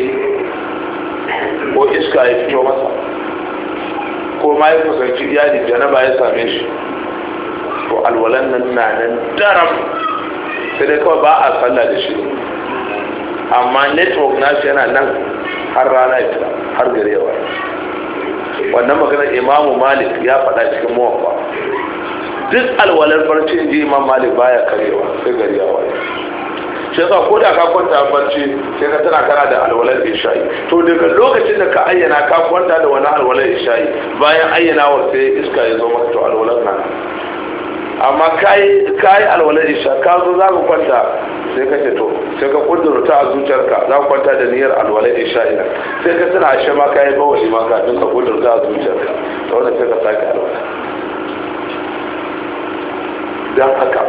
S1: ko iska ya fito masa ko ma ya kusanci iyali janaba ya same shi ko alwalan nan na nan daram sai dai kawai ba a sallah da shi amma network nashi yana nan har rana ya fita har gare yawa wannan maganar imamu malik ya faɗa cikin mawafa duk alwalar barcin ji imam malik baya karewa sai gare yawa shi yasa ko da ka kwanta barci sai ka tana kana da alwalar isha'i to daga lokacin da ka ayyana ka kwanta da wani alwalar isha'i bayan ayyana wa sai iska ya zo maka to alwalar na amma ka yi alwalar isha ka zo za ka kwanta sai ka ce to sai ka ta a zuciyarka za ka kwanta da niyyar alwalar isha ina sai ka tana ashe ma ka yi bawali ma ka duka ta a zuciyarka ta wannan sai ka sake alwala dan haka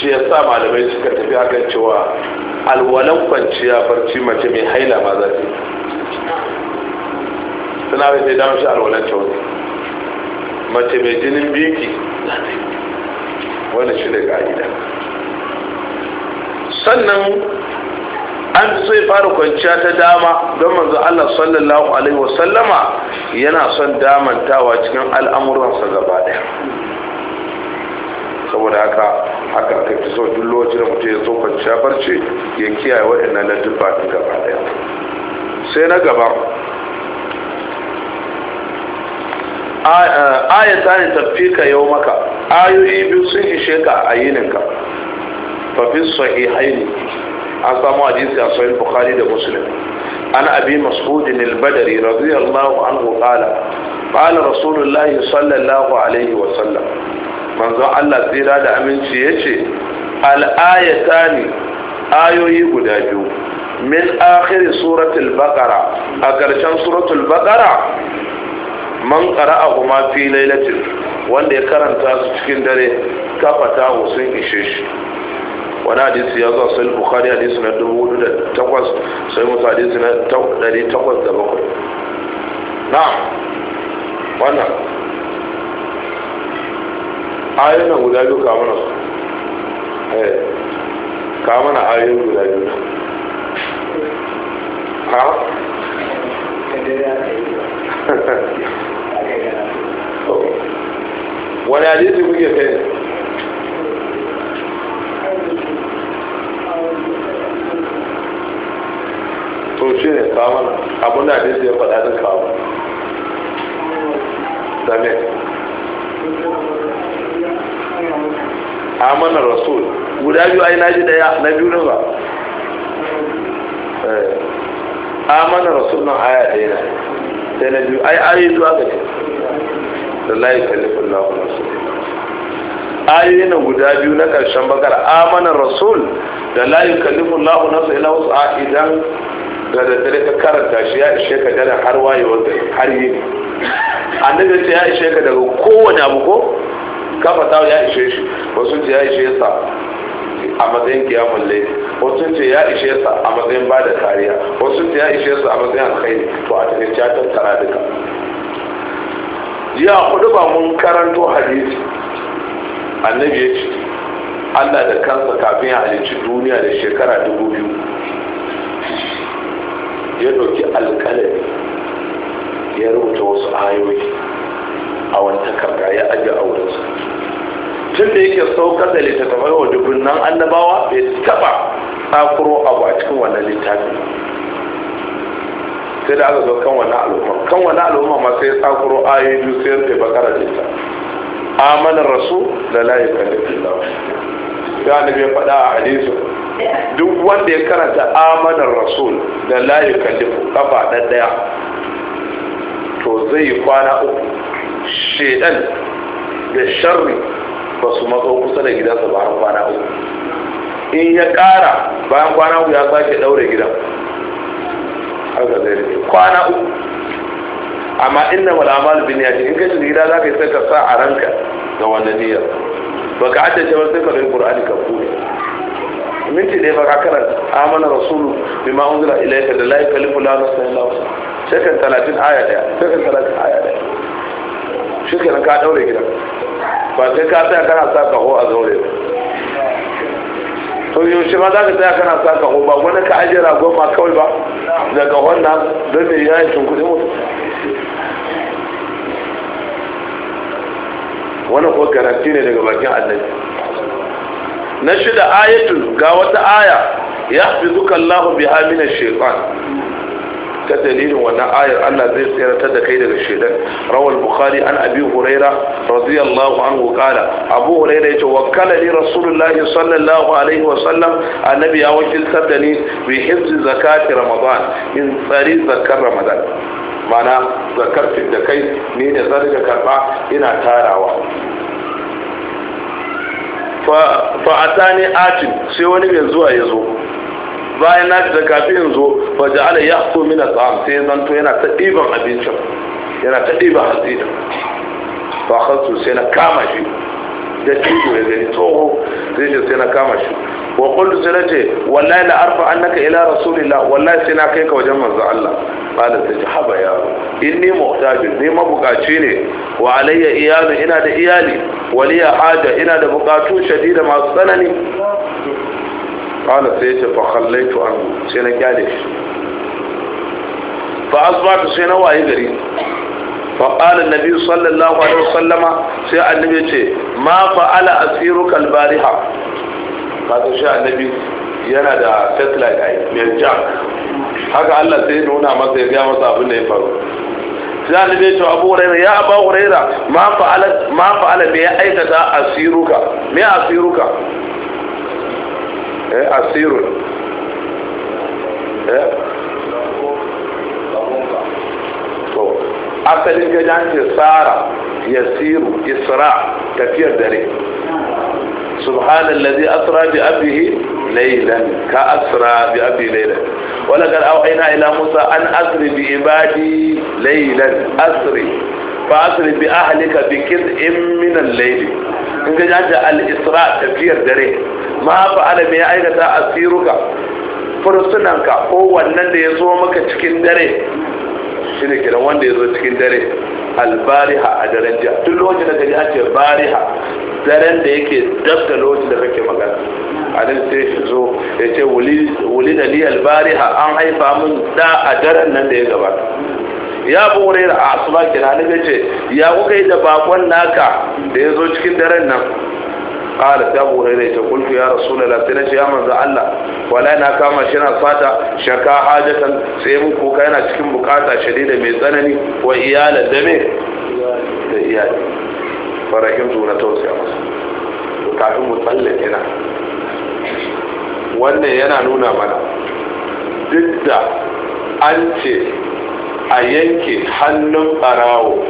S1: shi ya sa malamai suka tafi akan cewa alwalan kwanciya barci mace mai haila ma za ta yi suna bai sai damar shi alwalan ta wani mace mai jinin biki wani shi ne ka'ida sannan an fi sai fara kwanciya ta dama don manzo Allah sallallahu alaihi wasallama yana son damantawa cikin al'amuransa gaba daya saboda haka haka ka fi so duk lokacin da mutum ya so kwanciya barci ya kiyaye waɗannan ladubba ɗin gaba ɗaya sai na gaba ayata ne ka yau maka ayoyi biyu sun ishe ka a yininka fafin haini. an samu hadisi a sahih bukhari da muslim an abi mas'ud al-badri radiyallahu anhu qala qala rasulullahi sallallahu alaihi wa sallam manzon Allah tsira da aminci ya ce al'ayatani ayoyi guda biyu min akhiri suratul baqara a ƙarshen suratul baqara man qara'ahu ma fi lailatin wanda ya karanta su cikin dare kafata sun ishe shi wani hadisi ya zo sai bukari hadisi na 2008 sai musa hadisi na 807 na wannan ayyuna guda biyu kamuna su eh, kamuna ayyuna guda biyu ha? Oh. wani hadisi kuke kai to shi ne kamuna abinda hadisi ya faɗa da kamuna zame amanar rasul guda biyu ai naji daya na biyu ne ba eh. amanar rasul nan aya daya na sai na biyu ai ayoyi zuwa ga ce da layi kalifin na kuma su ayoyi na guda biyu na karshen bakar amanar rasul da layi kalifin na kuma su ila wasu a idan da daddare ka karanta shi ya ishe ka dana har wayewar gari har yi ne annabi ya ishe ka daga kowane abu ko kafa ya ishe shi wasu ce ya ishe sa a matsayin kiyamun laifi wasu ce ya ishe sa a matsayin ba da kariya wasu ce ya ishe sa a matsayin alkhairi to a cikin ya tattara duka ya kudu ba mun karanto hadisi annabi ya ce allah da kansa kafin ya halicci duniya da shekara dubu biyu ya ɗauki alƙalami ya rubuta wasu ayoyi a wani takarda ya ajiye a sauci tun da yake saukar da littattafai wa dubunnan annabawa bai taɓa tsakuro abu a cikin wannan littafin sai da aka zo kan wani al'umma kan wani al'umma ma sai tsakuro ayoyi biyu sai rufe bakara jinta amanar rasu da layi kan da filawa sai annabi ya faɗa a hadisu duk wanda ya karanta amanar rasu da layi kan da kafa ɗaya to zai kwana uku shedan da sharri ba su mazo kusa da gida ba bayan kwana uku in ya ƙara bayan kwana uku ya sake ɗaure gidan haka zai rike kwana uku amma inna wal amal bin yati in kace gida za ka yi sai ka sa a ranka ga wannan niyyar baka ce ba sai ka rubuta qur'ani ka ku minti ɗaya ba ka amana rasulu bima unzila ilayka da la yukallifu la nafsan illa wusa shekan 30 aya daya shekan 30 aya daya shekan ka daure gidan ba sai ka tsaya kana sa kaho a zaure ba to yaushe ma za ka tsaya kana sa kaho ba wani ka ajiyar ragon ma kawai ba daga wannan don me ya yi tunkuɗi mutu wani ko garanti ne daga bakin annabi na shida ayatul ga wata aya ya fi zukan Allah biha min shekwan ta dalilin wannan ayar Allah zai tsiratar da kai daga shedan rawal bukhari an abi huraira radiyallahu anhu qala abu huraira yace wakkala li rasulullahi sallallahu alaihi wa sallam annabi ya wakiltar da ni bi hifzi zakati ramadan in tsari zakar ramadan mana zakar da kai ni ne zan da karba ina tarawa fa atin sai wani mai zuwa ya zo bayan na da kafin in zo fa ya so min at'am sai zan to yana ta diban abincin yana ta diban hatsi fa khasu sai na kama shi da cikin ya gani tsoho zai ce sai na kama shi wa kullu sai ce, wallahi la arfa annaka ila rasulillah wallahi sai na kai ka wajen manzo Allah qala ta ji haba yaro inni muhtajin ni mabukaci ne wa alayya iyali ina da iyali waliya haja ina da bukatu shadida masu tsanani qala sai ce fa khallaitu an sai na kyale shi fa asbatu sai na waye gari fa qala annabi sallallahu alaihi wasallama sai annabi ce ma fa'ala yana da satellite ai mai jack haka Allah sai nuna masa ya ga masa abin da ya faru sai annabi ya ce abu huraira ya abu huraira ma fa'ala ma fa'ala me ya aikata asiruka me asiruka إيه، أسير أسير أسير يسير إسراء كثير داري سبحان الذي أسرى بأبيه ليلا كأسرى بأبي ليلا ولقد أوحينا إلى موسى أن أسر بإبادي ليلا أسر فأسر بأهلك بكذء من الليل إن جاء الإسراء كثير داري ma fa me ya aikata asiruka fursunanka ko wannan da ya zo maka cikin dare shi ne kiran wanda ya zo cikin dare albariha a daren jiya duk lokacin da ka a ce bariha daren da yake dab da lokacin da kake magana a nan sai shi zo ya ce wuli da ni albariha an haifa min da a daren nan da ya gabata ya bi wurin a asuba kina ne ce ya kuka yi da bakon naka da ya zo cikin daren nan qala ta abu hurairah ta kultu ya rasulullah na nace ya manzo Allah wallahi na kama shi na fata shaka hajatan sai yana cikin bukata shadida mai tsanani wa iyala da me da iyali farahim zuwa tausaya masa kafin mu tsallake na wannan yana nuna mana duk da an ce a yanke hannun barawo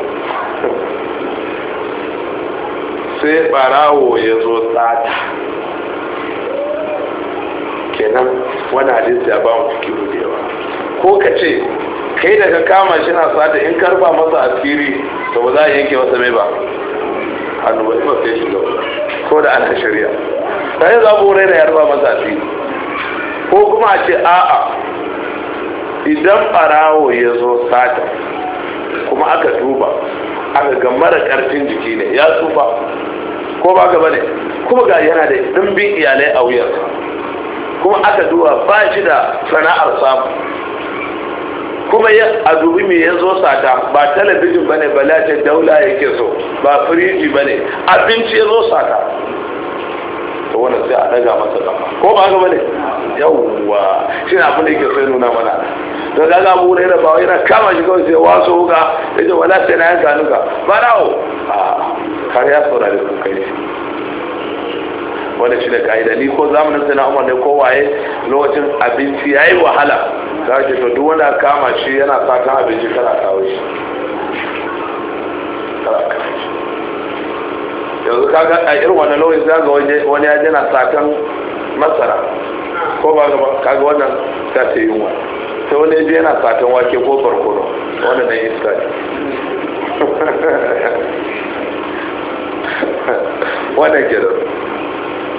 S1: sai barawo ya zo tsada kenan wani hadisi ya ba mu fikiru da yawa ko ka ce kai daga kama shi na tsada in karba masa asiri to ba za a yanke masa mai ba hannu ba ba sai shi gaba ko da ana shari'a ta yi zaɓo rai da ya raba masa asiri ko kuma a ce a'a idan barawo ya zo tsada kuma aka duba aka ga mara karfin jiki ne ya tsufa ko ba gaba ne kuma ga yana da dimbin iyalai a wuyarsa kuma aka duwa ba shi da sana'ar samu kuma ya a dubi me ya zo sata ba talabijin ba ne daula yake so ba firiji ba ne abinci ya zo sata to wannan sai a daga masa kama ko ba ga bane yawwa shi abin da yake sai nuna mana to da ga abu da ba yana kama shi kawai sai waso ga yace wala sai na ga nuka ba dawo kare ya saurare ku kai wanda shi da ka'ida ni ko zamanin sai na umar ne ko waye lokacin abinci yayi wahala za ki to duk wanda kama shi yana fatan abinci kana kawo shi yanzu kaga a irin wani lauyin za ga wani ya na sakan masara ko ba gaba kaga wannan za ta yi yunwa sai wani yaji yana sakan wake ko barkono wannan na iska ne wannan gidan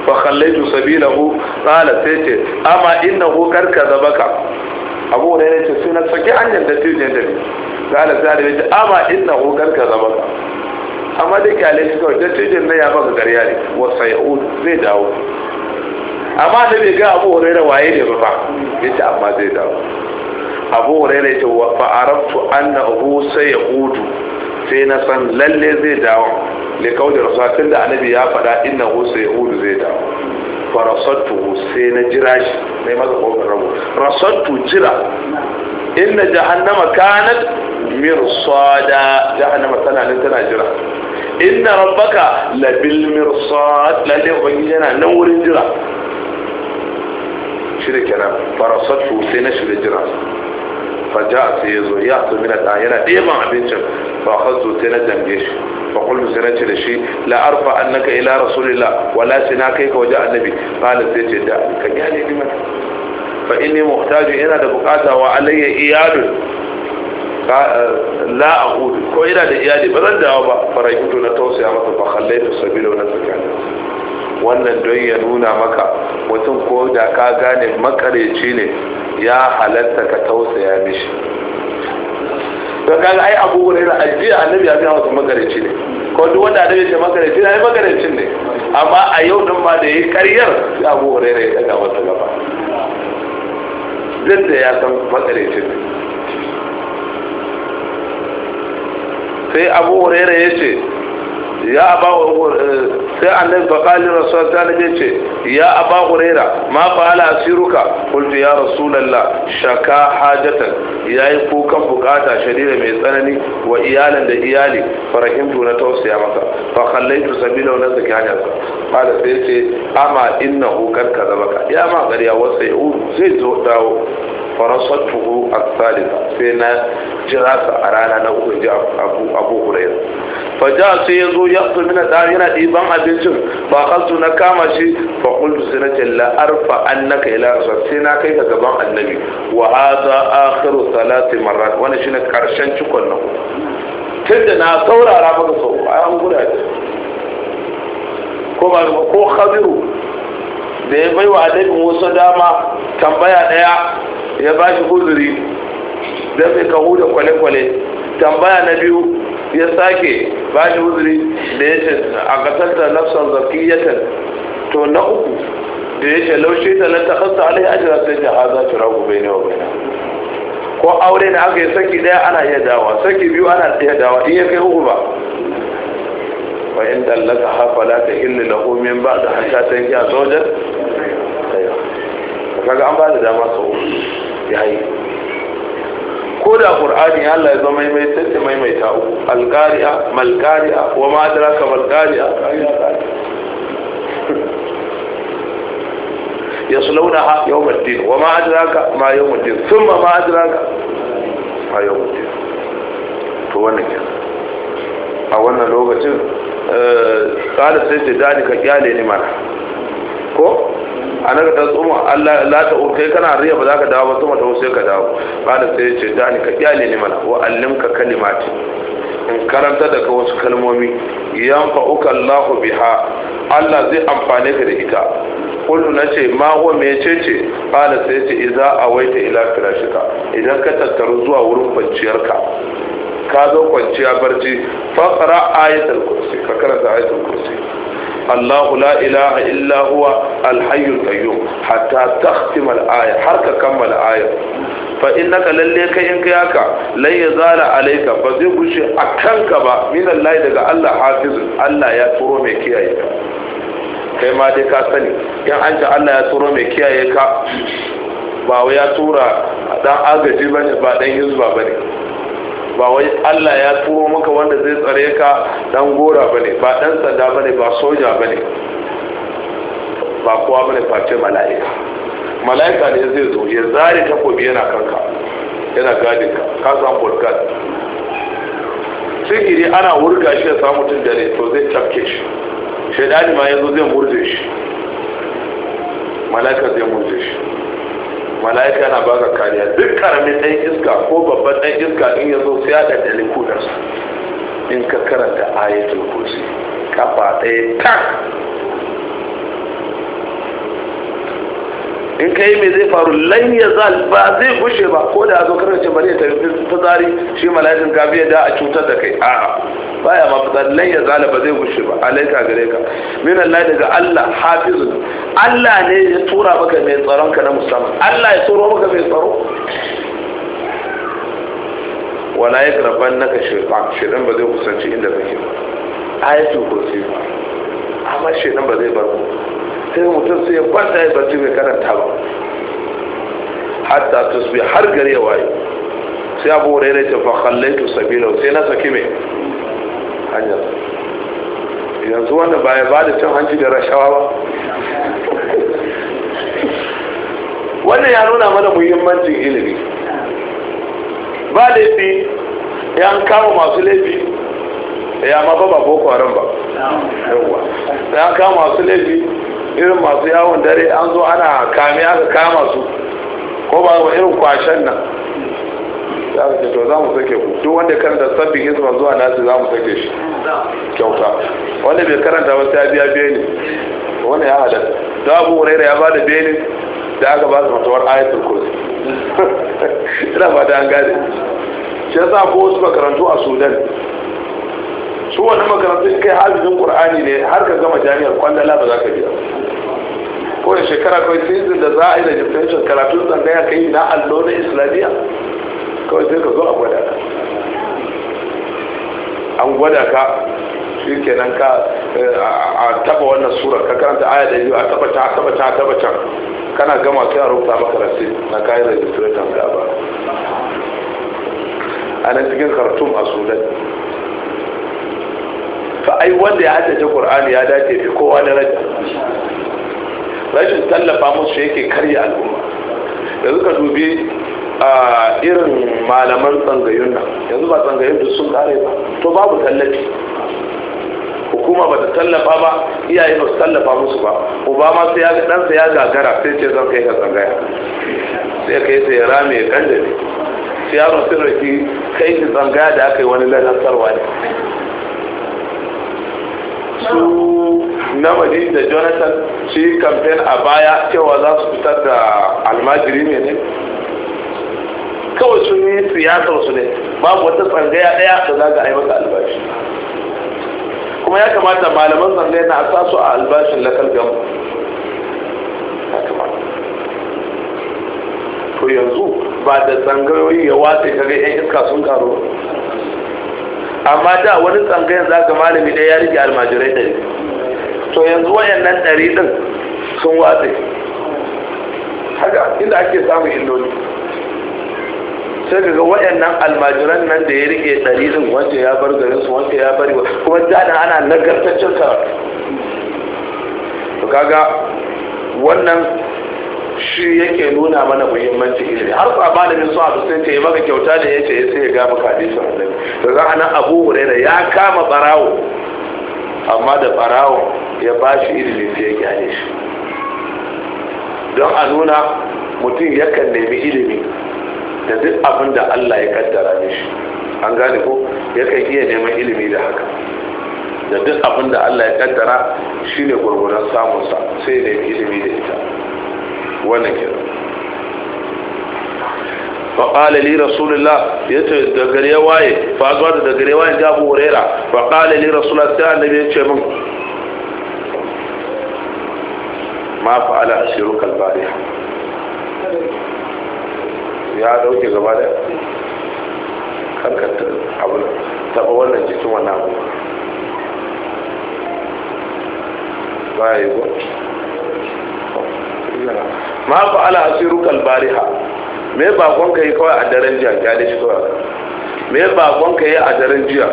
S1: fa khallaitu sabilahu qala sai ce amma innahu baka abu ne ne ce sai na saki hanyar da tijin da ni qala zalimi amma innahu baka amma dai kyale shi kawai dattijan na ya maka gariya ne wa sai'ud zai dawo amma da bai ga abu huraira waye ne ba ya ce amma zai dawo abu huraira ya ce fa an annahu abu sai na san lalle zai dawo kawai da rasuwa tun da annabi ya faɗa ya hudu zai dawo fa rasattu sai na jira shi sai maza kofar rabu rasattu jira inna jahannama kanat mirsada jahannama tana nan tana jira inna rabbaka labil mirsad lalle ubangiji yana nan wurin jira shi da kenan farasatu sai na shirya jira faja sai ya zo ya su mina ta yana ɗeban abincin fa hazu sai na dange shi fa kullu sai na ce da shi la arfa annaka ila rasulillah wala sinaka kai ka waje annabi qala sai ce da kan ya ne mana fa inni muhtaju ina da bukata wa alayya iyalu la aqul ko ina da iyali ba zan dawo ba faraitu na tausaya masa fa khallaitu sabila na tsakanin wannan don ya nuna maka mutum ko da ka gane makareci ne ya halatta ka tausaya mishi don kaga ai abu yana ajiya annabi ya biya wasu makareci ne ko duk wanda annabi ya ce makareci ne ai makarecin ne amma a yau din ma da yayi karyar ya abu wurin ya daga wata gaba duk ya san makarecin sai abu huraira ya ce ya aba eh, sai annabi faqali rasul ta nabi ce ya aba huraira ma ala asiruka qultu ya rasulullah shaka hajatan yayi kukan bukata sharira mai tsanani wa iyalan da iyali farahimtu na tausaya masa fa khallaitu sabila wa nasaki hanyarsa qala sai ce amma innahu kan kadabaka ya ma gariya wasa ya zai zo dawo فرصته الثالثة فينا جراس أرانا abu أبو, أبو هريرة فجاء سيزو zo ya fito mina da yana ɗiban abincin fa kasu na kama shi fa kultu sai na jalla arfa annaka ila rasul sai na kai ka gaban annabi wa hadha akhiru salati marrat shi shine karshen cikon na tunda na saurara maka sau an guda ko ba ko khabiru da ya bai wa annabi Musa dama tambaya daya ya ba shi guzuri da bai kahu da kwale-kwale tambaya na biyu ya sake ba shi uzuri da ya ce a da nafsan ce to na uku da ya ce laushe ta na takasta alai ajira sai ta haza ta ragu bai ne wa bai ko aure na aka yi saki daya ana iya dawa saki biyu ana iya dawa in ya kai uku ba fa in dallaka hafa la ta illi lahu min ba'd a tankiya zawjan kaga an ba da dama sau yayi ko da qur'ani Allah ya zama mai sai maimaita uku alqari'a malqari'a wa ma adraka malqari'a yaslawnaha yawm ad-din wa ma adraka ma yawm ad-din thumma ma adraka ma yawm ad to wannan kenan a wannan lokacin eh sai ta ka kyale ni mana ko anaka ta tsoma Allah la ta kai kana riya ba za ka dawo ba tsoma ta sai ka dawo ba da sai ce da ni ka kyale ni mana wa allimka kalimati in karanta da ka wasu kalmomi Yanfa uka Allahu biha Allah zai amfane ka da ita kullu na ce ma wa mecece qala sai ce idza awaita ila firashika idan ka tattaru zuwa wurin kwanciyarka ka zo kwanciya barci qara ayatul kursi ka karanta ayatul kursi Allahu la ilaha illa huwa alhayyul qayyum hatta takhtima al har ka kammala aya fa innaka lalle kai in kai haka lan yazala alayka ba zai gushe a kanka ba min Allah daga Allah hafizun Allah ya turo mai kiyaye ka kai ma ka sani in an ji Allah ya turo mai kiyaye ka ba ya tura dan agaji bane ba dan bane ba wai Allah ya turo maka wanda zai tsare ka dan gora bane ba dan sanda bane ba soja bane ba kowa bane face mala'ika mala'ika ne zai zo ya zare takobi yana kanka yana gadin ka ka san podcast sigiri ana wurga shi ya samu tun dare to zai tafke shi shaidani ma yanzu zai murje shi mala'ika zai murje shi mala'ika na baka kariya duk karamin ɗan iska ko babban ɗan iska in ya zo sai ya ɗanɗani kudarsa in ka karanta ayatul kursi kafa ɗaya tak in kai mai zai faru lan ya zal ba zai gushe ba ko da zo karar ce bari ta fitsari shi mala'ikin ka da a cutar da kai a'a baya ma fitsari lan ya zal ba zai gushe ba alaika gare ka min Allah daga Allah Hafizu Allah ne ya tura maka mai tsaron ka na musamman Allah ya tura maka mai tsaro wala ya karban naka shirfa shirin ba zai kusanci inda kake ba ayatul kursi amma shirin ba zai bar ku sai mutum sai ya kwanta ya barci mai karanta ba hatta tusbi har gari ya waye sai abu hurairah ya ce fa khallaitu sabila sai na saki mai hanyar yanzu wanda ba ya ba da cin hanci da rashawa ba wannan ya nuna mana muhimmancin ilimi ba laifi ya an kama masu laifi ya ma ba boko haram ba yawwa ya kama masu laifi irin masu yawon dare an zo ana kame aka kama su ko ba ba irin kwashen nan ya ce to za mu sake ku duk wanda ya karanta sabbin hizba zuwa nasi za mu sake shi kyauta wanda bai karanta ba sai biya beni wanda ya hada da abu huraira ya bada beni da aka ba su matawar ayatul kursi ina ba da an gane shi yasa ko wasu makarantu a sudan su wani makarantu kai hafizin kur'ani ne har ka gama jami'ar kwandala ba za ka biya kowace shekara kawai season da za a yi da definition karatun zangaya kai na allo na islamiyya kawai sai ka zo a gwada ka an gwada ka shi kenan ka eh, a taba wannan sura ka karanta aya da biyu a taba ta taba ta taba can kana gama sai a rubuta maka rasi na kayan registration da ba a nan cikin khartoum a sudan fa ai wanda ya haddace qur'ani ya dace fi kowa rajin rashin tallafa musu yake karya al'umma yanzu ka dubi a irin malaman tsangayun nan yanzu ba tsangayun da sun kare ba to babu tallafi hukuma ba ta tallafa ba iyaye ba su tallafa musu ba obama sai ya ɗansa ya gagara sai ce zan kai ka tsangaya sai kai sai rame ya kandare sai yaron sai raki kai ki tsangaya da aka yi wani lalatarwa ne su namadi da jonathan su yi kamfen a baya cewa za su fitar da almajiri ne ne kawai sun yi siyasar ne babu wata tsangaya daya da za ga albashi kuma ya kamata malaman tsangaya na sa su a albashin lakal gamu to yanzu ba da tsangayoyi ya watsa kare yan iska sun karo amma da wani tsangayin za ka malami ɗaya ya rike almajirai ɗari to yanzu wayannan ɗari ɗin sun watsa haka inda ake samun illoli sai ka ga wayannan almajiran nan da ya rike ɗari ɗin wancan ya bar garin su wancan ya bari kuma da ana nagartaccen ka, to kaga wannan shi yake nuna mana muhimmanci ilimi har min su abu sun ce maka kyauta da yace ya sai ya ga maka hadisin annabi to za ana abu da ya kama barawo amma da barawo ya ba shi ilimi sai ya gane shi don a nuna mutum yakan nemi ilimi da duk abin da Allah ya kaddara mishi an gane ko yakan iya neman ilimi da haka da duk abin da Allah ya kaddara shine gurgurar samunsa sai nemi ilimi da wannan kira fa qala li rasulullah yato da gare waye fa zo da gare waye ga abu hurera fa qala li rasulullah sai annabi yace min ma fa ala asiruka albariha ya dauke gaba da karkata abu taba wannan jikin wannan abu ba yi gwamnati nan ma fa ala asiru kalbariha me bakon ka yi kawai a daren jiya ya da shi kawai me bakon ka yi a daren jiya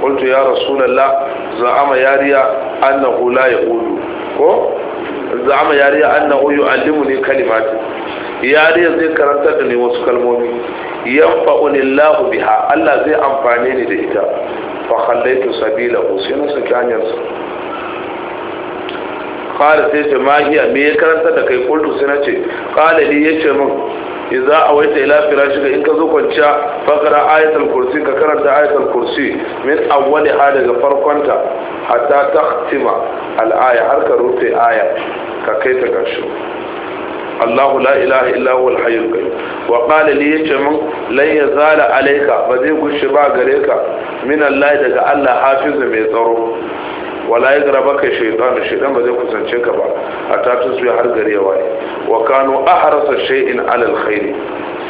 S1: qultu ya rasulullah za'ama yariya annahu la yahudu ko za'ama yariya annahu yu'allimuni kalimati yariya zai karanta da ni wasu kalmomi yanfa'uni Allah biha Allah zai amfane ni da ita fa khallaitu sabilahu sai na saki hanyarsa qala sai ce ma hiya me ya karanta da kai kultu sai nace qala ya ce min idza awaita ila firashika in ka zo kwanciya fakara ayatul kursi ka karanta ayatul kursi min awwali ha daga farkonta hatta takhtima al aya har ka rufe aya ka kai ta gashi الله لا إله إلا هو الحي القيوم وقال لي يجمع لن zai عليك ba gareka min Allah daga Allah hafizu mai tsaro. wala ya zara baka shaitan shaitan ba zai kusance ka ba a tatun su har gare ya waye wa kano a harsa shai'in alal khairi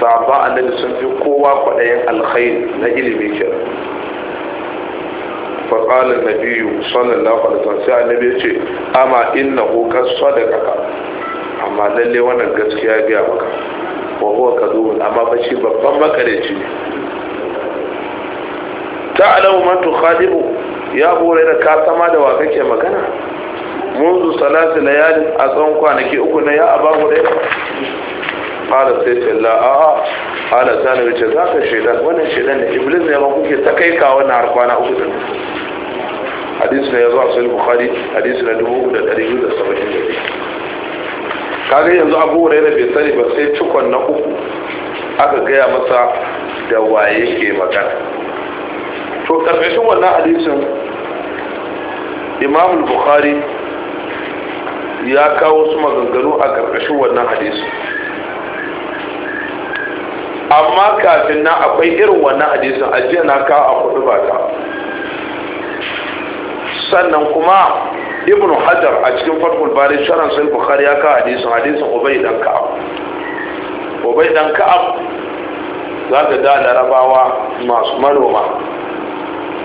S1: annabi sun fi kowa kwaɗayin alkhairi na ilimi kenan faƙalar nabiyu sallallahu alaihi wasallam sai annabi ya ce amma inna hukar sadaka amma lalle wannan gaskiya biya maka wa huwa kadhubun amma ba shi babban makareci ne alamu man tukhadibu Ya abu da yana ka zama da wa ka magana mun zo talatin da a tsawon kwanaki uku na yaba wuɗaya. Falas zai talla a Falas za ni wuce zaka shirya wanan shirya ne. Ibilis kuke ta kai kawo na arba'in uku da dukku? Hadiza na ya zuwa sulhu ƙari na dubu da ɗari da saba'in da yanzu a buɗe yana bai tsare ba sai cikon na uku aka gaya masa da waye ke magana. to karkashin wannan hadisin imam bukhari ya kawo su maganganu a karkashin wannan hadisin amma kafin na akwai irin wannan hadisin ajiya na kawo a kudu bata sannan kuma ibn hajar a cikin farkon bari sharan sai bukhari ya kawo hadisin hadisin ubai dan ka'ab ubai dan ka'ab za ka ga larabawa masu manoma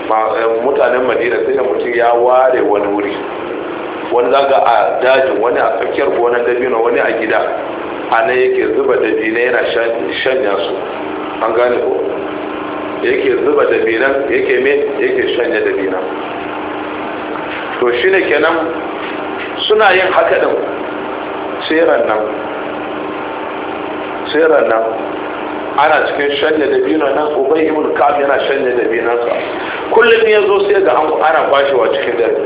S1: Eh, mutanen madina sai mutum ya ware wani wuri wani zaga a dajin wani a tsakiyar gonar dabino wani a gida a nan yake zuba dabino yana shanya su an gane ko yake zuba dabinan yake me yake shanya dabinan to shi ne kenan suna yin haka din tseren nan tseren nan ana cikin shanye da biyu nan ubai ibn ka'ab yana shanye da binansa kullum ya zo sai ga an ana wa cikin dare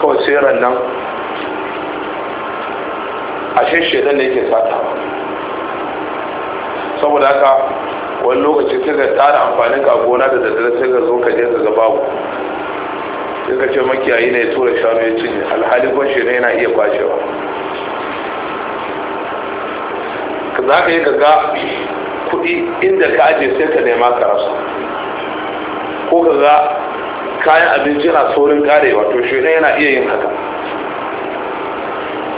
S1: kawai sai ran nan ashe shaidan ne yake sata saboda haka wani lokaci sai ga tsara amfanin ka gona da daddare sai ka zo ka je ka ga babu sai ka ce makiyayi ne ya tura shanu ya cinye alhali shi ne yana iya kwashewa za ka yi ga kuɗi inda ka aje sai ka nema ka ko ka ga kayan abinci yana saurin karewa to shi yana iya yin haka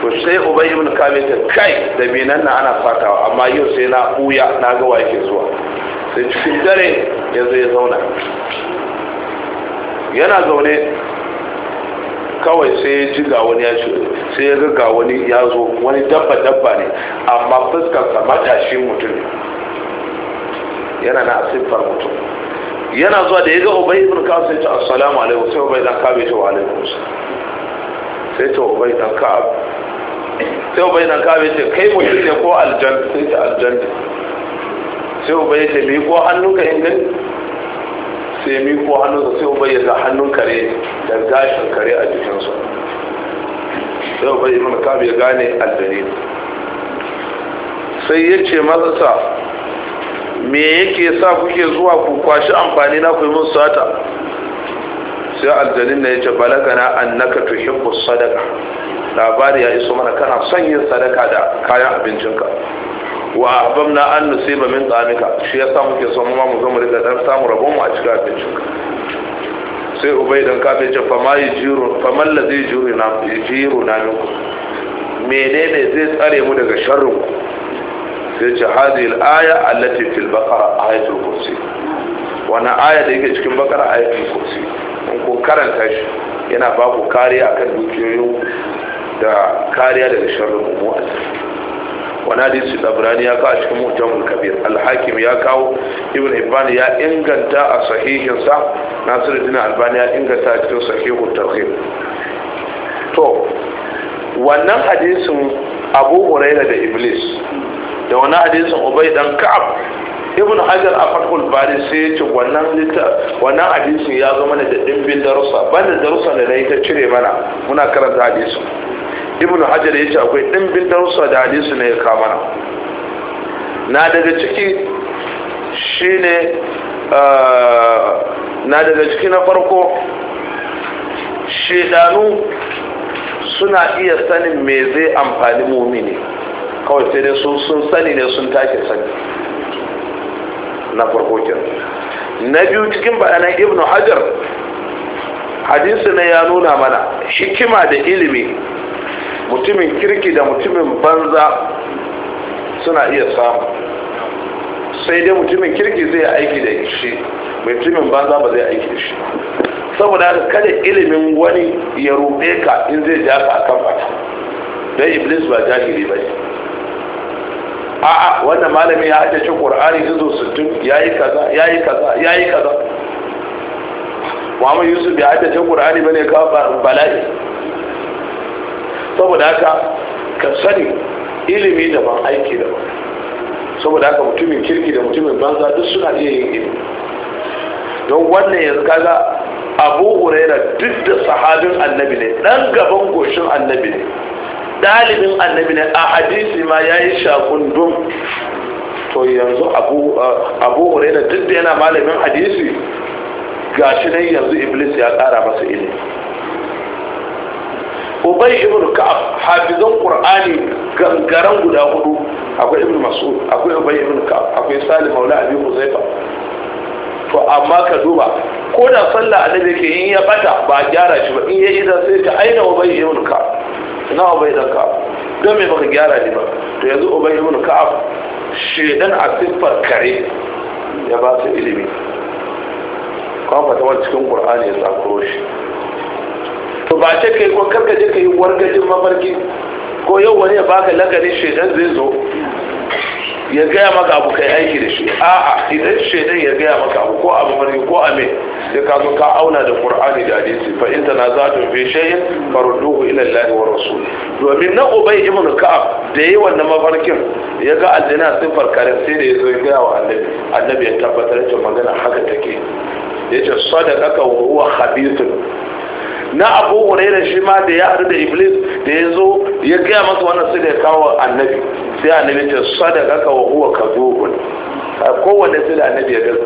S1: to sai ubai ibn kabe ta kai da binan na ana fatawa amma yau sai na buya na ga wake zuwa sai cikin dare ya zauna yana zaune kawai sai ya ji ga wani ya ce sai ya ga wani ya zo wani dabba dabba ne amma fuskarsa matashi mutum yana na asifar mutum yana zuwa da ya ga ubai ibn ka'ab sai ce assalamu alaikum sai ubai dan ka'ab ya ce wa alaikum sai ta ubai dan ka'ab sai ubai dan ka'ab ya ce kai mutum ne ko aljan sai ta aljan sai ubai ya ce mi ko hannunka in gani sai mi ko hannunsa sai ubai ya ga hannun kare da gashin kare a jikinsu sai ubai ibn kab ya gane aljani sai ya ce masa me yake sa kuke zuwa ku kwashi amfani na ku yi mun sata sai al na ya ce balagana annaka tuhibbu sadaka labari ya iso mana kana son yin sadaka da kayan abincinka wa babna an nusiba min tsamika shi ya sa muke son ma mu zama rika dan samu rabon mu a cikin abincin sai ubai dan kabe ce fa ma yijiru fa man ladhi yijiru na yijiru na menene zai tsare mu daga sharrin ku sai ce hadhihi al-aya allati fil baqara ayatul kursi wannan aya da yake cikin bakara ayatul kursi in ko karanta shi yana ba ku kariya akan dukiyoyin da kariya daga sharrin mu a cikin wani hadisi tsabrani ya kawo a cikin mutamul kabir alhakim ya kawo ibn hibban ya inganta a sahihinsa nasiruddin albani ya inganta a cikin sahihun tarhib to wannan hadisin abu huraira da iblis da wani hadisin ubai dan ka'ab ibn hajar a fatul bari sai ya ce wannan wannan hadisin ya zama da dimbin darussa banda darussa da na yi ta cire mana muna karanta hadisin ibnu hajar ya ce akwai ɗimbin darussa da hadisi ne ya kama na daga ciki shine eh, na daga ciki na farko shedanu suna iya sanin me zai amfani mumini kawai sai dai sun sani ne sun take sani na farko na biyu cikin bayanan ibnu hajar hadisi ne ya nuna mana hikima da ilimi mutumin kirki da mutumin banza suna iya samu sai dai mutumin kirki zai aiki da shi mutumin banza ba zai aiki da shi saboda kada ilimin wani ya rube ka in zai ja ka kan fata don iblis ba jahili ba ne a'a wannan malami ya haddace qur'ani izo 60 yayi kaza yi kaza yi kaza Muhammad Yusuf ya haddace qur'ani bane ka bala'i saboda haka ka sani ilimi daban aiki daban saboda haka mutumin kirki da mutumin banza duk suna iya yin ilimi don wannan yanzu kaga abu huraira duk da sahabin annabi ne dan gaban goshin annabi ne dalibin annabi ne a hadisi ma ya yi shakundun to yanzu abu huraira duk da yana malamin hadisi ga shi nan yanzu iblis ya kara masa ilimi ubay ibn ka'ab hafizan qur'ani gangaran guda hudu akwai ibn mas'ud akwai ubay ibn ka'ab akwai salim maula abi huzaifa to amma ka duba ko da sallah annabi yake in ya bata ba gyara shi ba in ya idan sai ta aina ubay ibn ka'ab ina ubay ibn ka'ab don me baka gyara shi ba to yanzu ubay ibn ka'ab shedan a siffar kare ya ba su ilimi kuma wani cikin qur'ani ya tsakuro shi to ba ce kai ko karka je kai wargajin mafarki ko yau wani ya baka lakarin shaidan zai zo ya gaya maka abu kai aiki da shi a'a idan shaidan ya gaya maka abu ko abu mafarki ko ame sai ka zo ka auna da qur'ani da hadisi fa in tana za ta fi shay'in farduhu ila Allah wa rasul domin na ubai ibn ka'ab da yayi wannan mafarkin ya ga aljanna sifar kare sai da ya zo ya gaya wa annabi annabi ya tabbatar da magana haka take yace sadaqaka wa huwa khabithun na abu huraira shi ma da ya haɗu da iblis da ya zo ya gaya masa wannan sai da ya kawo annabi sai annabi ce sadaka ka wa huwa a kowanne sai da annabi ya gaza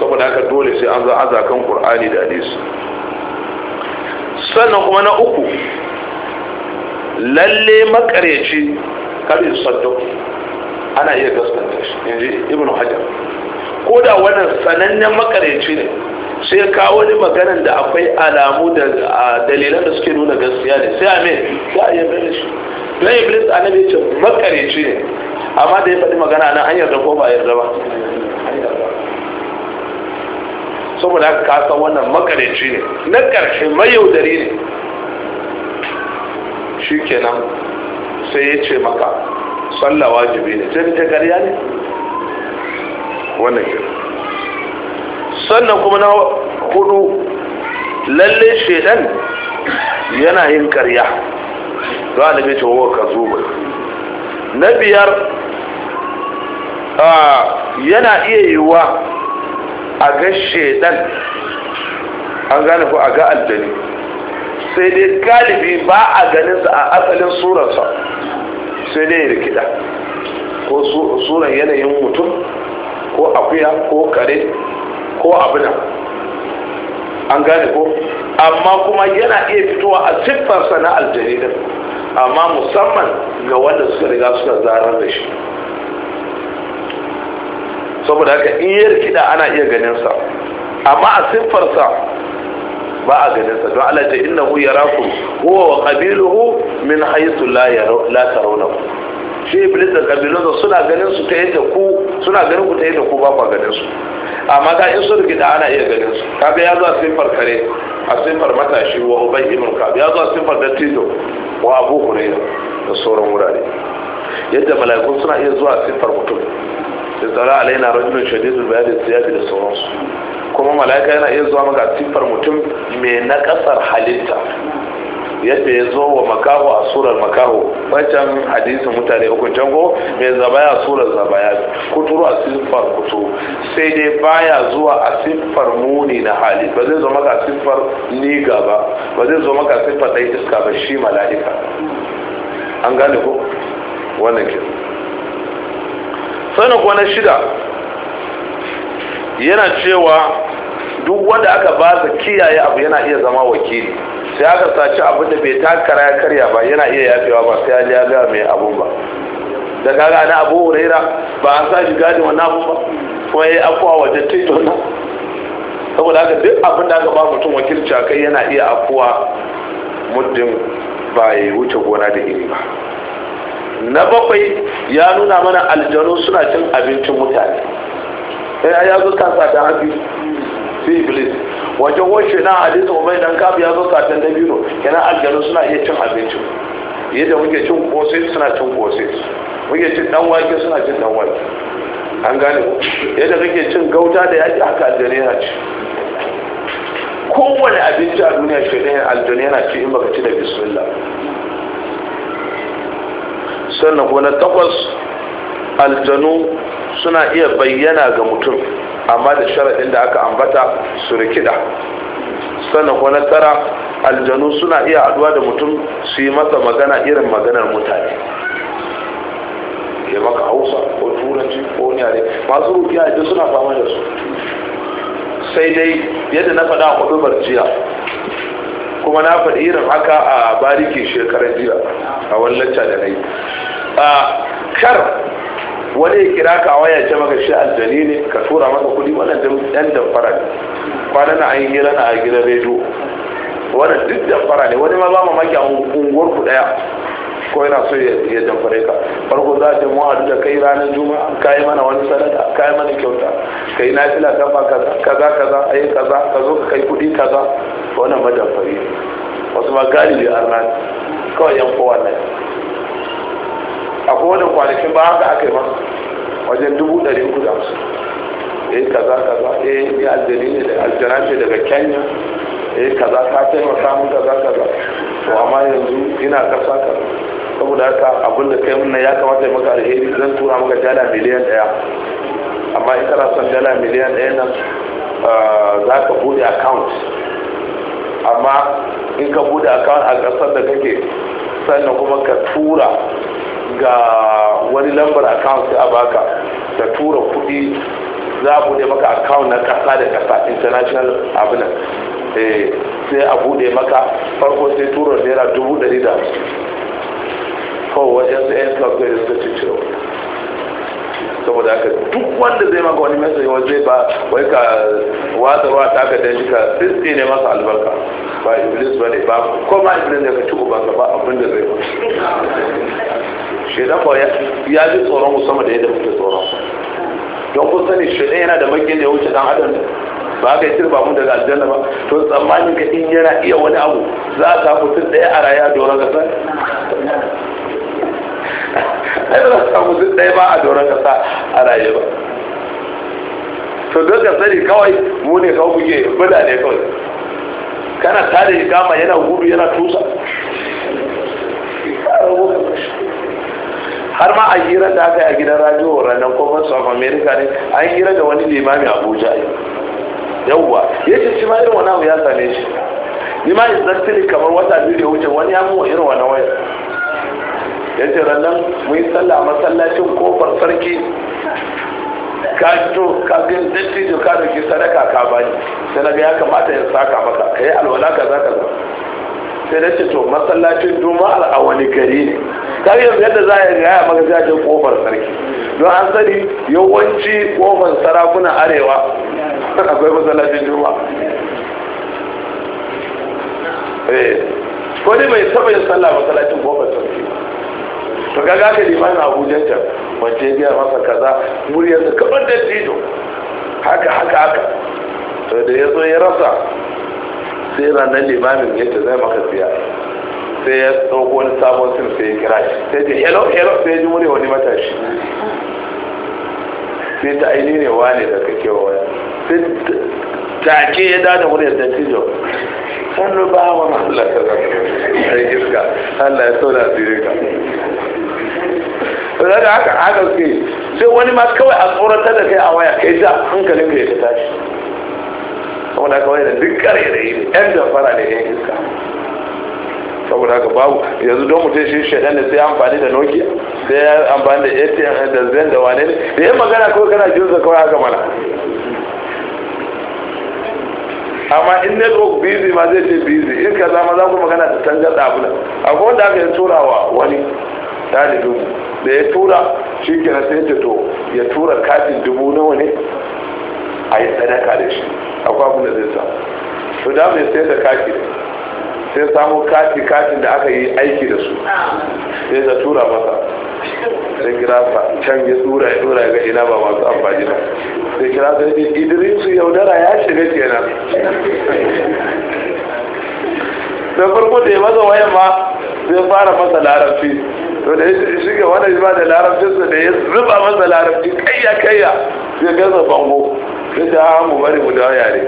S1: saboda haka dole sai an zo azakan qur'ani da hadisi sannan kuma na uku lalle makareci kabi saddo ana iya gaskanta shi inji ibnu hajar ko da wannan sanannen makareci ne sai kawo wani maganar da akwai alamu da dalilan da suke nuna gaskiya ne sai amin me za a yabe shi don iblis annabi ce makareci ne amma da ya faɗi magana nan an yarda ko ba yarda ba saboda haka kasa wannan makareci ne na ƙarshe mayaudari ne shi kenan sai ya ce maka sallah wajibi ne sai ta ƙarya ne wannan kenan sannan kuma na hudu lalle shedan yana yin karya za a mace wa ka zuba na biyar yana iya yiwuwa a ga shedan an gane ko a ga aljani sai dai galibi ba a ganinsa a asalin surarsa sai dai rikida ko suran yanayin mutum ko akuya ko kare ko abin an gane ko amma kuma yana iya fitowa a siffarsa na aljarida amma musamman ga wanda suka riga suka zarar da shi saboda haka in yi rikida ana iya ganinsa amma a siffarsa ba a ganinsa don alaji inna hu ya raku huwa wa ƙabiluhu min haisu la tarawnahu shi iblis da kabilunsa suna ganin su ta yadda ku suna ganin ku ta yadda ku ba ganin su amma ga in sun gida ana iya ganin su kaga ya zo a siffar kare a sifar matashi wa ubai ibn kab ya zo a da tito wa abu huraira da sauran wurare yadda mala'ikun suna iya zuwa sifar mutum da tsara alaina rajulun shadidul bayadi siyadi da sauransu kuma mala'ika yana iya zuwa maka siffar mutum mai nakasar halitta yadda ya zo wa makaho a surar makaho wancan hadisin mutane uku can ko mai zabaya surar zabaya kuturu a siffar kutu sai dai baya zuwa a siffar muni na hali ba zai zo maka siffar niga ba ba zai zo maka siffar ɗan iska ba shi mala'ika an gane ko wannan ke sanin kuwa na shida yana cewa duk wanda aka ba kiyaye abu yana iya zama wakili sai aka saci abin da bai takara ya karya ba yana iya yafewa ba sai ya ji ya gaya mai abun ba da kaga na abu huraira ba a sashi gadi wannan abu ba kuma ya yi afuwa wajen tito na saboda haka duk abin da aka ba mutum wakilci a kai yana iya afuwa muddin ba ya wuce gona da iri ba na bakwai ya nuna mana aljanu suna cin abincin mutane sai eh, ya zo sa ta hafi sai iblis wajen washe na hadisin ubai dan kabu ya zo na biyu kenan aljanu suna iya cin abinci yadda muke cin kosai suna cin kosai muke cin dan wake suna cin dan wake an gane ku yadda kake cin gauta da yaki haka aljanu yana ci kowane abinci a duniya shi ne aljanu yana ci in baka ci da bismillah sannan kuma na takwas aljanu suna iya bayyana ga mutum amma da sharaɗin da aka ambata su rikida sannan ko na tara aljanu suna iya haɗuwa da mutum su yi masa magana irin maganar mutane Ke maka hausa ko turanci ko wani yare masu rukiya da suna fama da su sai dai yadda na faɗa a kwaɗubar jiya kuma na faɗi irin haka a bariki shekarar jiya a wallacca da na yi kar wani ya kira ka waya ce maka shi aljani ne ka tura maka kudi wannan dan damfara ne Kwana na an yi na a gidan rediyo Wani duk damfara ne wani ma ba maki a unguwar ku daya ko yana so ya damfare ka farko za a ce mu da kai ranar juma'a ka yi mana wani sanata, ka yi mana kyauta ka yi nafila ka ba kaza kaza kaza ayi kaza ka zo ka kai kuɗi kaza wannan madamfari wasu ma galibi arna kawai yan kowa ne a kowane kwanakin ba haka aka yi masa wajen dubu ɗari uku da hamsin eh kaza kaza eh ya aljani ne da aljana daga kenya eh kaza ka taimaka mun kaza kaza to amma yanzu ina kasa kaza saboda haka abin da kai mun ya kamata ya maka alheri zan tura maka dala miliyan ɗaya amma in kana son dala miliyan ɗaya nan ah, za ka bude account amma in ka bude account a ƙasar da kake sannan kuma ka tura ga wani lambar account sai a baka ta tura kuɗi za a bude maka account na kasa da kasa international abin eh, sai a bude maka farko sai tura naira dubu ɗari da kawai wajen su yan club da suka ciciro saboda haka duk wanda zai maka wani mesa yawan zai ba wai ka ruwa ta ka dan ka tsitsi ne masa albarka ba iblis ba ne ba ko ma iblis ne ka ci ka ba abin da zai ba shaidan ba ya ji tsoron musamman da yadda muke tsoron don ku sani shaidan yana da makin da ya wuce dan adam ba ka yi ba mu daga aljanna ba to tsammanin ka in yana iya wani abu za a samu tun ɗaya a raya doron kasa ai ba za a samu tun ɗaya ba a doron kasa a raye ba to don ka sani kawai mu ne kawai muke bada ne kawai kana tada shi kama yana gudu yana tusa har ma a hira da aka yi a gidan radio ranar conference of america ne an hira da wani limami abuja yauwa ya ce shi ma irin wani abu ya same shi ni ma exactly kamar wata biyu da wuce wani ya muwa irin wani waya ya ce ranar mu yi sallah a masallacin kofar sarki ka to ka gani dattijo ka sadaka ka bani sai na ga ya kamata ya saka maka ka alwala ka za sai na to masallacin juma'ar a wani gari ne ta yanzu yadda za a gaya maka sai ce kofar sarki don an sani yawanci kofar sarakuna arewa akwai masallacin juma'a eh, ko ne mai saba yin sallah masallacin kofar sarki to ga gaka limanin abuja can wace biya masa kaza muryarsa kamar da haka haka haka to da ya zo ya rasa sai ranar limamin yadda zai maka siya sai ya tsoko wani sabon sin sai ya kira shi sai ce yalo yalo sai ya ji mure wani matashi sai ta aini ne wane da kake waya sai ke ya dada muryar da tijo sannu ba wa Allah ka sai iska Allah ya sauna zire ka da haka haka suke sai wani ma kawai a tsoratar da kai a waya kai da hankalin ka ya tashi saboda aka wani da duk yi ne yan fara da yin iska saboda ka babu yanzu don mutum shi shaidan da sai amfani da nokia sai amfani da atm da zen da wane ne da yin magana kawai kana jin sa kawai haka mana amma in ne ko busy ma zai ce busy in ka zama za ku magana ta tangar da abu akwai wanda aka yi turawa wani talibin da ya tura shi kenan sai ta to ya tura katin dubu nawa ne a yi sadaka da shi akwai abin da zai sa to da mai sai da kafi sai samu kati kafi da aka yi aiki da su sai da tura masa sai kira sa can ya tura ya tura ga ina ba masu amfani ba sai kira sa ya idrisu yaudara ya shiga kenan da farko da ya maza wayan ma sai fara masa larabci to da ya shiga wani ba da larabcinsa da ya zuba masa larabci kayya kayya sai gaza bango ya ta mu bari mu dawo yare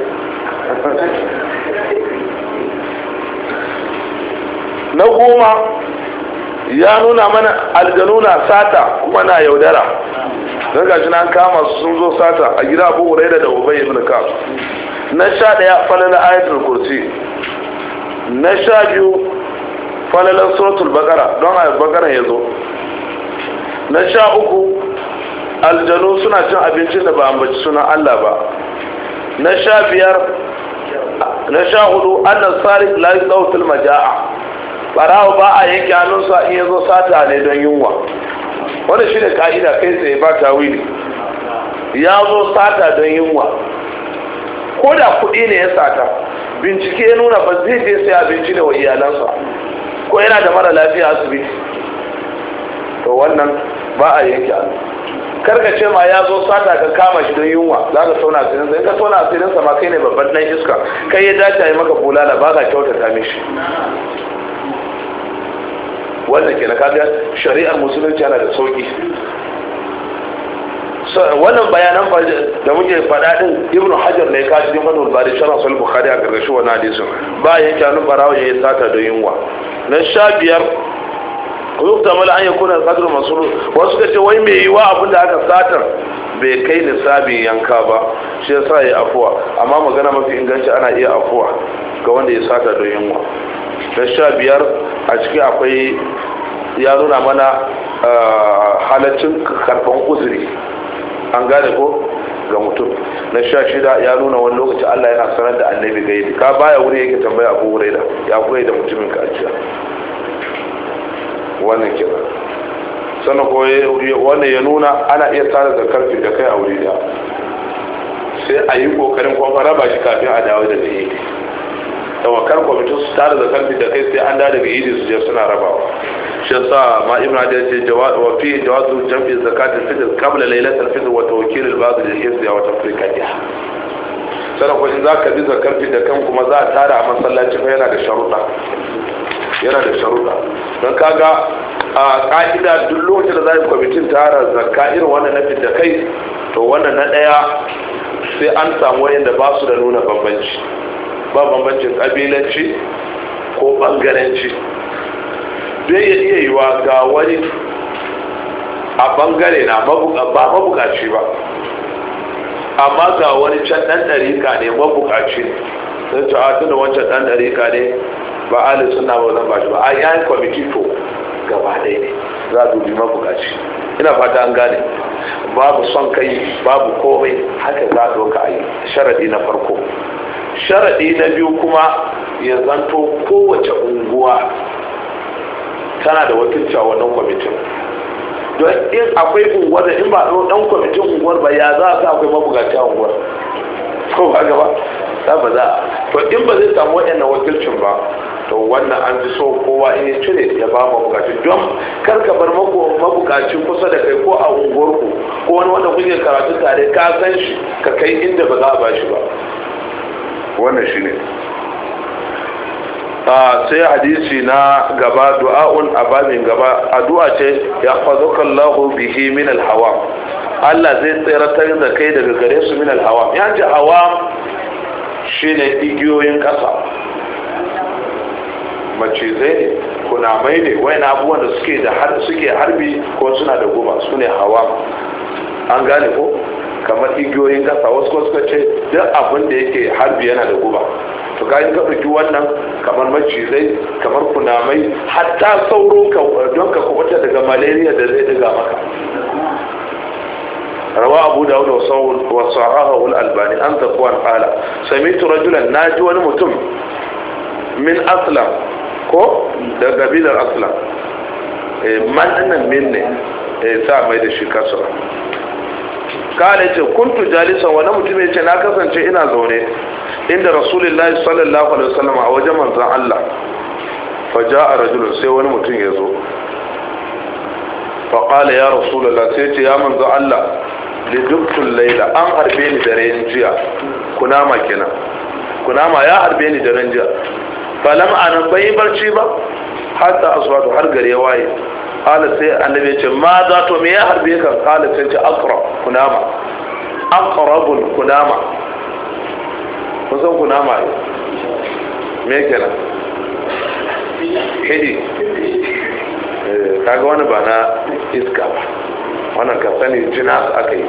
S1: na goma ya nuna mana aljanu na sata kuma na yaudara don gashi na kama su sun zo sata a gida abu wurai da ubai ibn kaf na sha daya falala ayatul kursi na sha biyu falalar suratul bakara don a bakara ya zo na sha uku aljanu suna cin abincin da ba ambaci sunan Allah ba na sha biyar na sha hudu annan sarik la yusawtul majaa barawo ba a yanke hannunsa in yazo sata ne don yunwa wannan shine ka'ida kai tsaye ba tawili ya zo sata don yunwa ko da kuɗi ne ya sata bincike ya nuna ba zai je sai abinci ne wa iyalansa ko yana da mara lafiya asibiti to wannan ba a yanke hannu karka ce ma ya zo sata ka kama shi don yunwa za ka tona asirinsa in ka tona asirinsa ma kai ne babban dan iska kai ya dace yi maka bulala ba ka kyautata mishi wannan ke na kaga shari'ar musulunci yana da sauki wannan bayanan da muke faɗa ɗin ibnu hajar ne ka cikin fatul bari shara sul bukhari a gargashi wannan hadisin ba yake anu barawa ya sata don yunwa na sha biyar ويحتمل أن يكون القدر مسؤول me yi wa أبو aka satar bai kai sabin yanka ba shi yasa ya afuwa amma magana mafi inganci ana iya afuwa ga wanda ya sata don yunwa da sha biyar a ciki akwai ya nuna mana ah, halaccin karfan uzuri an gane ko ga mutum na sha shida ya nuna wani lokaci allah yana sanar da annabi gaidi ka baya wuri yake tambaya abu da ya kuwa da mutumin ka ajiya. wannan kira sannan ko wannan ya nuna ana iya tsara da karfi da kai a wuri da sai a yi kokarin kuma raba shi kafin a dawo daga idi tawakar kwamitin su tsara da karfi da kai sai an da daga yi su je suna rabawa shi sa ma ibn hadi ce wa fi jawazu jami'in zakati al-fitr kabla lailatul fitr wa tawkil al-ba'd li hisya wa tafriqatiha sannan ko in zaka bi zakarfi da kan kuma za a tara a masallaci fa yana da sharuɗa yana da sharuɗa don kaga a ka'ida duk lokacin da za yi kwamitin tara zakka irin wanda na fita kai to wanda na ɗaya sai an samu wayanda ba su da nuna bambanci ba bambancin ƙabilanci ko ɓangaranci zai ya iya yiwa ga wani a ɓangare na ba mabukaci ba amma ga wani can ɗan ɗarika ne mabukaci sai ta tuna wancan ɗan ɗarika ne ba ahli suna ba zan bashi ba a yi kwamiti to gaba ɗaya ne za a dubi mabukaci ina fata an gane babu son kai babu komai haka za a ɗauka a yi sharaɗi na farko sharaɗi na biyu kuma ya zanto kowace unguwa tana da wakilci a wannan kwamitin don in akwai unguwar da in ba ɗan kwamitin unguwar ba ya za a sa akwai mabukaci a unguwar ko ba gaba za ba za to in ba zai samu waɗannan wakilcin ba to wannan an ji so kowa in ya cire ya ba mabukaci don kar ka bar mabukaci kusa da kai ko a unguwarku ko wani wanda kuke karatu tare ka san shi ka kai inda ba za a ba shi ba wannan shi ne sai hadisi na gaba du'a'un a babin gaba addu'a ce ya fazokan lahu bihi min alhawa Allah zai tseratar da kai daga gare su min alhawa ya ji hawa shine igiyoyin ƙasa macizai ne kunamai ne wani abubuwan da suke da suke harbi ko suna da guba su ne hawa an gane ko kamar igiyoyin kasa wasu suka ce duk abin da yake harbi yana da guba to ka ka ɗauki wannan kamar macizai kamar kunamai hatta sauro don ka kubuta daga malaria da zai daga maka Rawa Abu da wasu روى أبو داود وصعاه الألباني أن sami قال na ji wani mutum min أسلم ko da kabilar aslam eh, man nan min ne eh, sa mai da shi kasuwa? kala ce kuntu jalisa wani mutum ya ce na kasance ina zaune inda rasulullahi sallallahu alaihi wasallam a wajen manzan Allah faja a rajulun sai wani mutum ya zo faƙala ya rasulullah sai ce ya manzan Allah lidubtun laila an harbe ni da ranjiya jiya kunama kenan kunama ya harbe ni da ranjiya jiya falam anan bai barci ba hatta aswatu har gare ya waye qala sai annabi ya ce ma za to me ya harbe ka qala sai ce aqra kunama aqrabul kunama kusan kunama ne me kenan hidi eh, kaga wani ba na iska ba wannan ka sani jina aka yi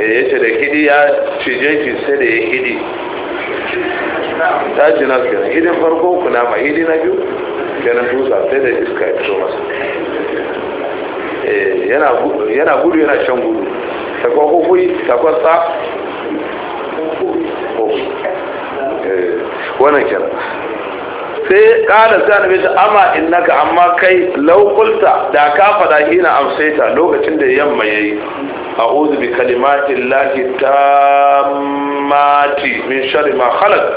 S1: eh, ya ce da hidi ya cije ki sai da ya hidi ta ce na su kenan idin farko kuna ma idin na biyu kenan tusa sai da iska ya fito masa eh, yana gudu yana shan gudu takwa kukuri takwa sa eh, wannan kenan sai kada sai annabi ta amma innaka amma kai laukulta da ka fada hina amsaita lokacin da yamma yayi a'udhu bi kalimati llahi tammati min sharri ma khalaq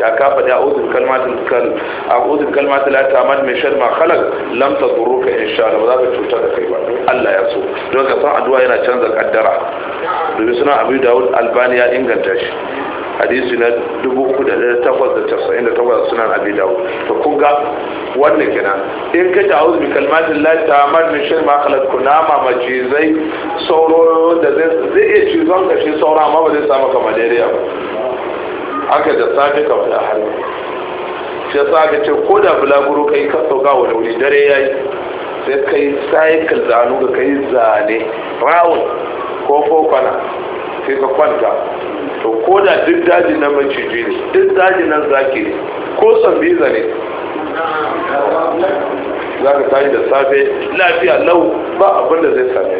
S1: ya ka faɗi a uzun kalmatin kal a kalmatul kalmatin min mai shar ma khalaq lam ta ka insha Allah ba za ka cuta da kai ba Allah ya so don ka san addu'a yana canza kaddara domin suna Abu Dawud Albani ya inganta shi hadisi na 3898 sunan Abu Dawud to kun ga wannan kenan in ka ta audul kalmatul kalmatin la ta min shar ma khalaq kunama majizai sauro da zai iya cizon shi saura amma ba zai samu kamar daidai ba Aka da safe ka hannu har shi yasa ka ce ko da bulaguro kai ka sauka wani wuri dare yayi sai kai cycle da hannu ka kai zane rawun ko ko kwana sai ka kwanta to ko da duk daji na maciji ne duk daji nan zaki ne ko sambiza ne za ka tashi da safe lafiya lau ba abin da zai same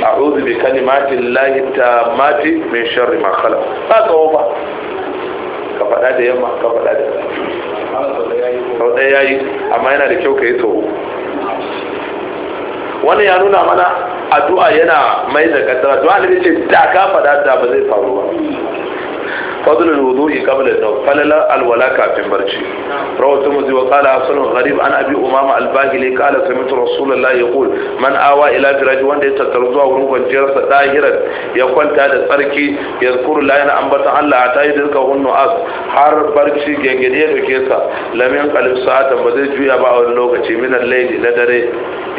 S1: ka a uzu bi kalimatin lahi ta mati min sharri ma ba tsawo ba ka faɗa da yamma ka faɗa da sau ɗaya ya yi amma yana da kyau ka yi tsoho Wani ya nuna mana addu'a yana mai da kaddara to ne ce da ka faɗa da ba zai faru ba فضل الوضوء قبل النوم فللا الولا كافين برشي روى الترمذي وقال حسن غريب عن ابي kala الباهلي قال سمعت رسول الله يقول من اوى الى فراج وند يتترزوا ورن كجيرس داهرا يقول تا da tsarki yazkuru la yana ambata Allah ta yi dirka hunnu as har barci gegede ya doke sa lamin qalib sa'atan ba zai juya ba a wani lokaci min al na dare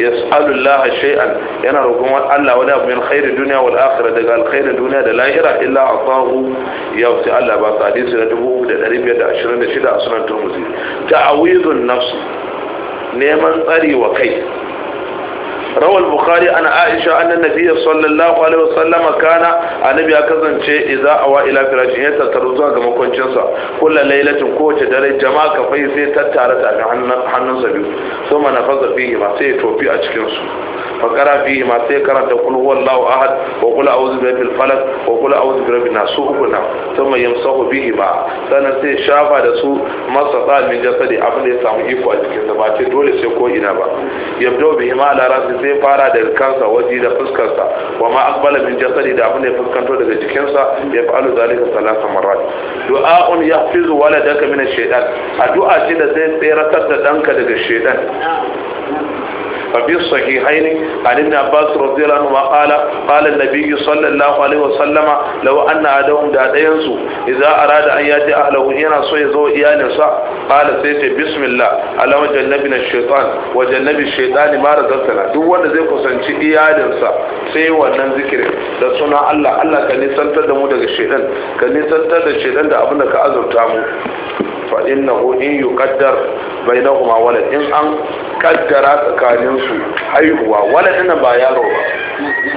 S1: yas'alu Allah shay'an yana roƙon Allah wani abu min khairi duniya wal akhirah daga alkhairin duniya da lahira illa atahu yawsa sai Allah ba su hadisi na a sunan turmuzi ta'awizun neman tsari wa kai rawal bukhari ana aisha annan nabiyyi sallallahu alaihi wasallam kana annabi ya kasance idza awa ila firashin ya tattaru zuwa ga makoncinsa kullu lailatin kowace dare jama'a kafai sai tattara tafi hannunsa biyu thumma nafaza fihi ma sai tofi a cikin fakara fihi ma sai karanta kul huwallahu ahad wa kul a'udhu bi rabbil falaq wa kul a'udhu bi rabbin nas uku sai shafa da su masata min jasadi abin da ya samu iko a cikin sa ba ce dole sai ko ina ba yabda bihi zai fara daga kansa waje da fuskarsa wa ma aqbala min jasadi da abin da ya fuskanto daga jikinsa ya fa'alu zalika salasa marrat du'a'un yahfizu waladaka min ash-shaytan addu'a ce da zai tseratar da danka daga shaytan ففي الصحيحين عن ابن عباس رضي الله عنهما قال قال النبي صلى الله عليه وسلم لو أن أحدهم دادينسو إذا أراد أن يأتي أهله إنا سيزو إيانسا قال سيتي بسم الله اللهم جنبنا الشيطان وجنب الشيطان ما رزقتنا دو wanda zai kusanci iyalinsa sai wannan zikirin da suna Allah Allah ka nisantar da mu daga shedan ka nisantar da shedan da abin da ka azurta mu fa innahu in yuqaddar bainahuma walad in an kaddara tsakanin su haihuwa wala ina ba yaro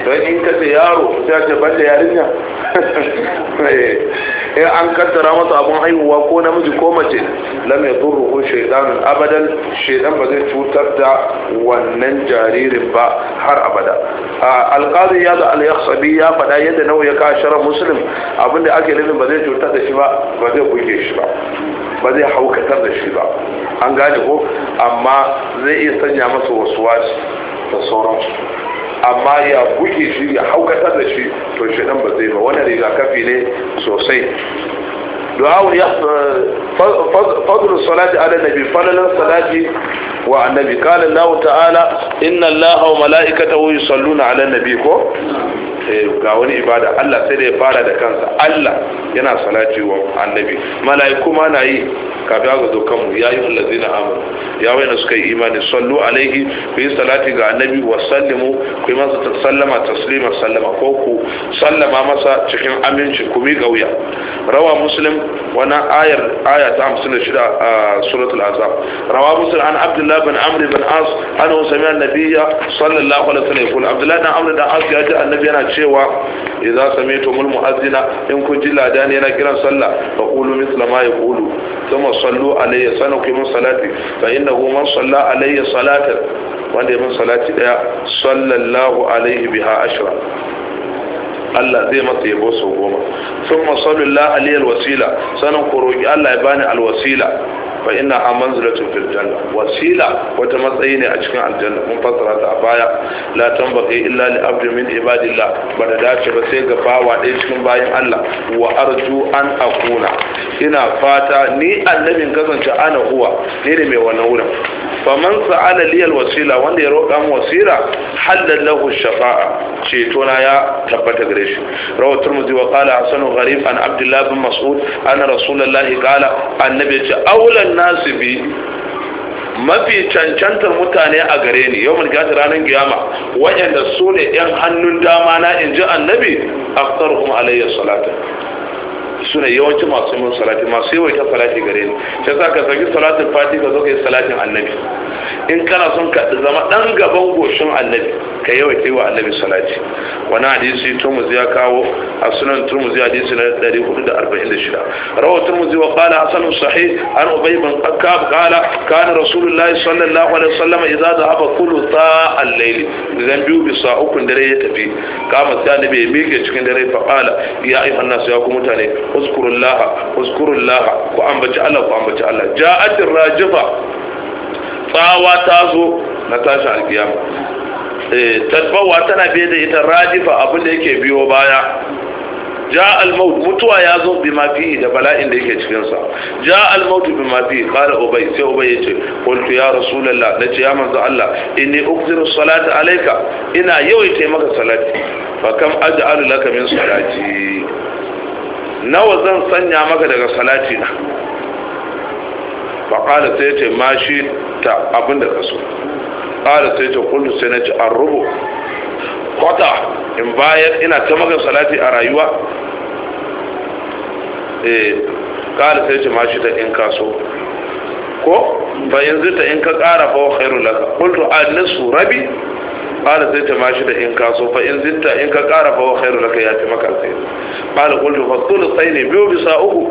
S1: ba don in ka ce yaro sai ce da yarinya eh, in an kaddara masa abin haihuwa ko namiji ko mace lam yadurruhu shaytanun abadan shaytan ba zai cutar da wannan jaririn ba har abada alqadi ya da al-yakhsabi ya fada yadda nawa ya shara muslim abinda ake nufin ba zai cutar da shi ba ba zai buge shi ba ba zai haukatar da shi ba an gane ko amma zai iya sanya masa wasu wasu da sauransu amma ya buge shi ya haukatar da shi to shi dan ba zai ba wannan rigakafi ne sosai du'a ya fadlu salati ala nabi fadlan salati wa annabi Kana Allah ta'ala inna Allah wa mala'ikatahu yusalluna ala nabi ko eh, ga wani ibada Allah sai da ya fara da kansa Allah yana salati wa annabi mala'iku ma na yi kafin ga zo kanmu ya yi allazina amanu ya wayna suka yi imani sallu alaihi ku yi salati ga annabi wa sallimu ku yi masa sallama taslima sallama ko ku sallama masa cikin aminci ku mi gauya rawa muslim wannan ayar aya ta da shida a suratul azab rawa musul an abdullah bin amri bin as ana sami annabiyya sallallahu alaihi wasallam yaqul abdullah bin amri da as ya ji annabi yana cewa idza sami'tumul mu'azzina in kun ji ladani yana kiran sallah fa qulu mithla ma yaqulu thumma sallu alayhi sanakum salati fa innahu man salla alayhi salatan wanda ya min salati daya sallallahu alaihi biha ashra Allah zai masa yabo sau goma sun masallu la aliyar wasila sanin ku roƙi Allah ya bani alwasila fa ina ha manzilatun fil wasila wata matsayi ne a cikin aljanna mun fassara ta a baya la tanbaqi illa li abdi min ibadillah ba da dace ba sai ga bawa ɗaya cikin bayan Allah wa arju an akuna ina fata ni annabin kasance ana huwa ne mai wannan wurin fa man sa'ala li al wasila wanda ya roƙa mu wasila halallahu shafa'a ceto na ya tabbata gare shi rawu turmuzi wa qala hasanu gharib an abdullah bin mas'ud anna rasulullahi qala annabi ce aulan ahsanan nasu bi mafi cancantar mutane a gare ni yau mulkiyar ranar giyama waɗanda su ne ‘yan hannun dama na in ji annabi aftar kuma alayyar yawanci masu salati masu wa ita salati gare ni ta sa ka salatin fati ka zo ka yi salatin annabi in kana son ka zama dan gaban goshin annabi ka yawaita yi wa annabi salati wani hadisi turmuzi ya kawo a sunan turmuzi hadisi na 446 rawa turmuzi wa qala hasan sahi an ubay bin qakkab qala kana rasulullahi sallallahu alaihi wasallam idza dhahaba kullu ta'al layl idan biyu bisa ukun dare ya tafi kama sai annabi ya miƙe cikin dare fa qala ya ayyuhan nas ya ku mutane uzkurullaha uzkurullaha ku ambaci Allah ku ambaci Allah ja'atir rajifa tsawa ta zo na tashi alkiyama eh, tasbawa tana biye da ita rajifa abin da yake biyo baya ja almaut mutuwa ya zo bi da bala'in da yake cikinsa sa ja al bi ma fi qala ubay sai ubay yace qultu ya dace ya manzo Allah inni ukthiru salata alaika? ina yawaita maka salati fa kam aj'alu laka min salati nawa zan sanya maka daga salati na faƙala sai ce ma shi ta abin da kaso ƙala sai ce kullu sai na ci an rubu kwata in bayan ina ta magan salati a rayuwa eh ƙala sai ce ma shi ta in kaso ko bayan yanzu ta in ka ƙara fa khairu laka qultu an nasu rabi qala sai ta da in ka so in zitta in ka ƙara wa khairu laka ya fi maka alkhairi qala qultu fa thulu sayni biyu bisa uku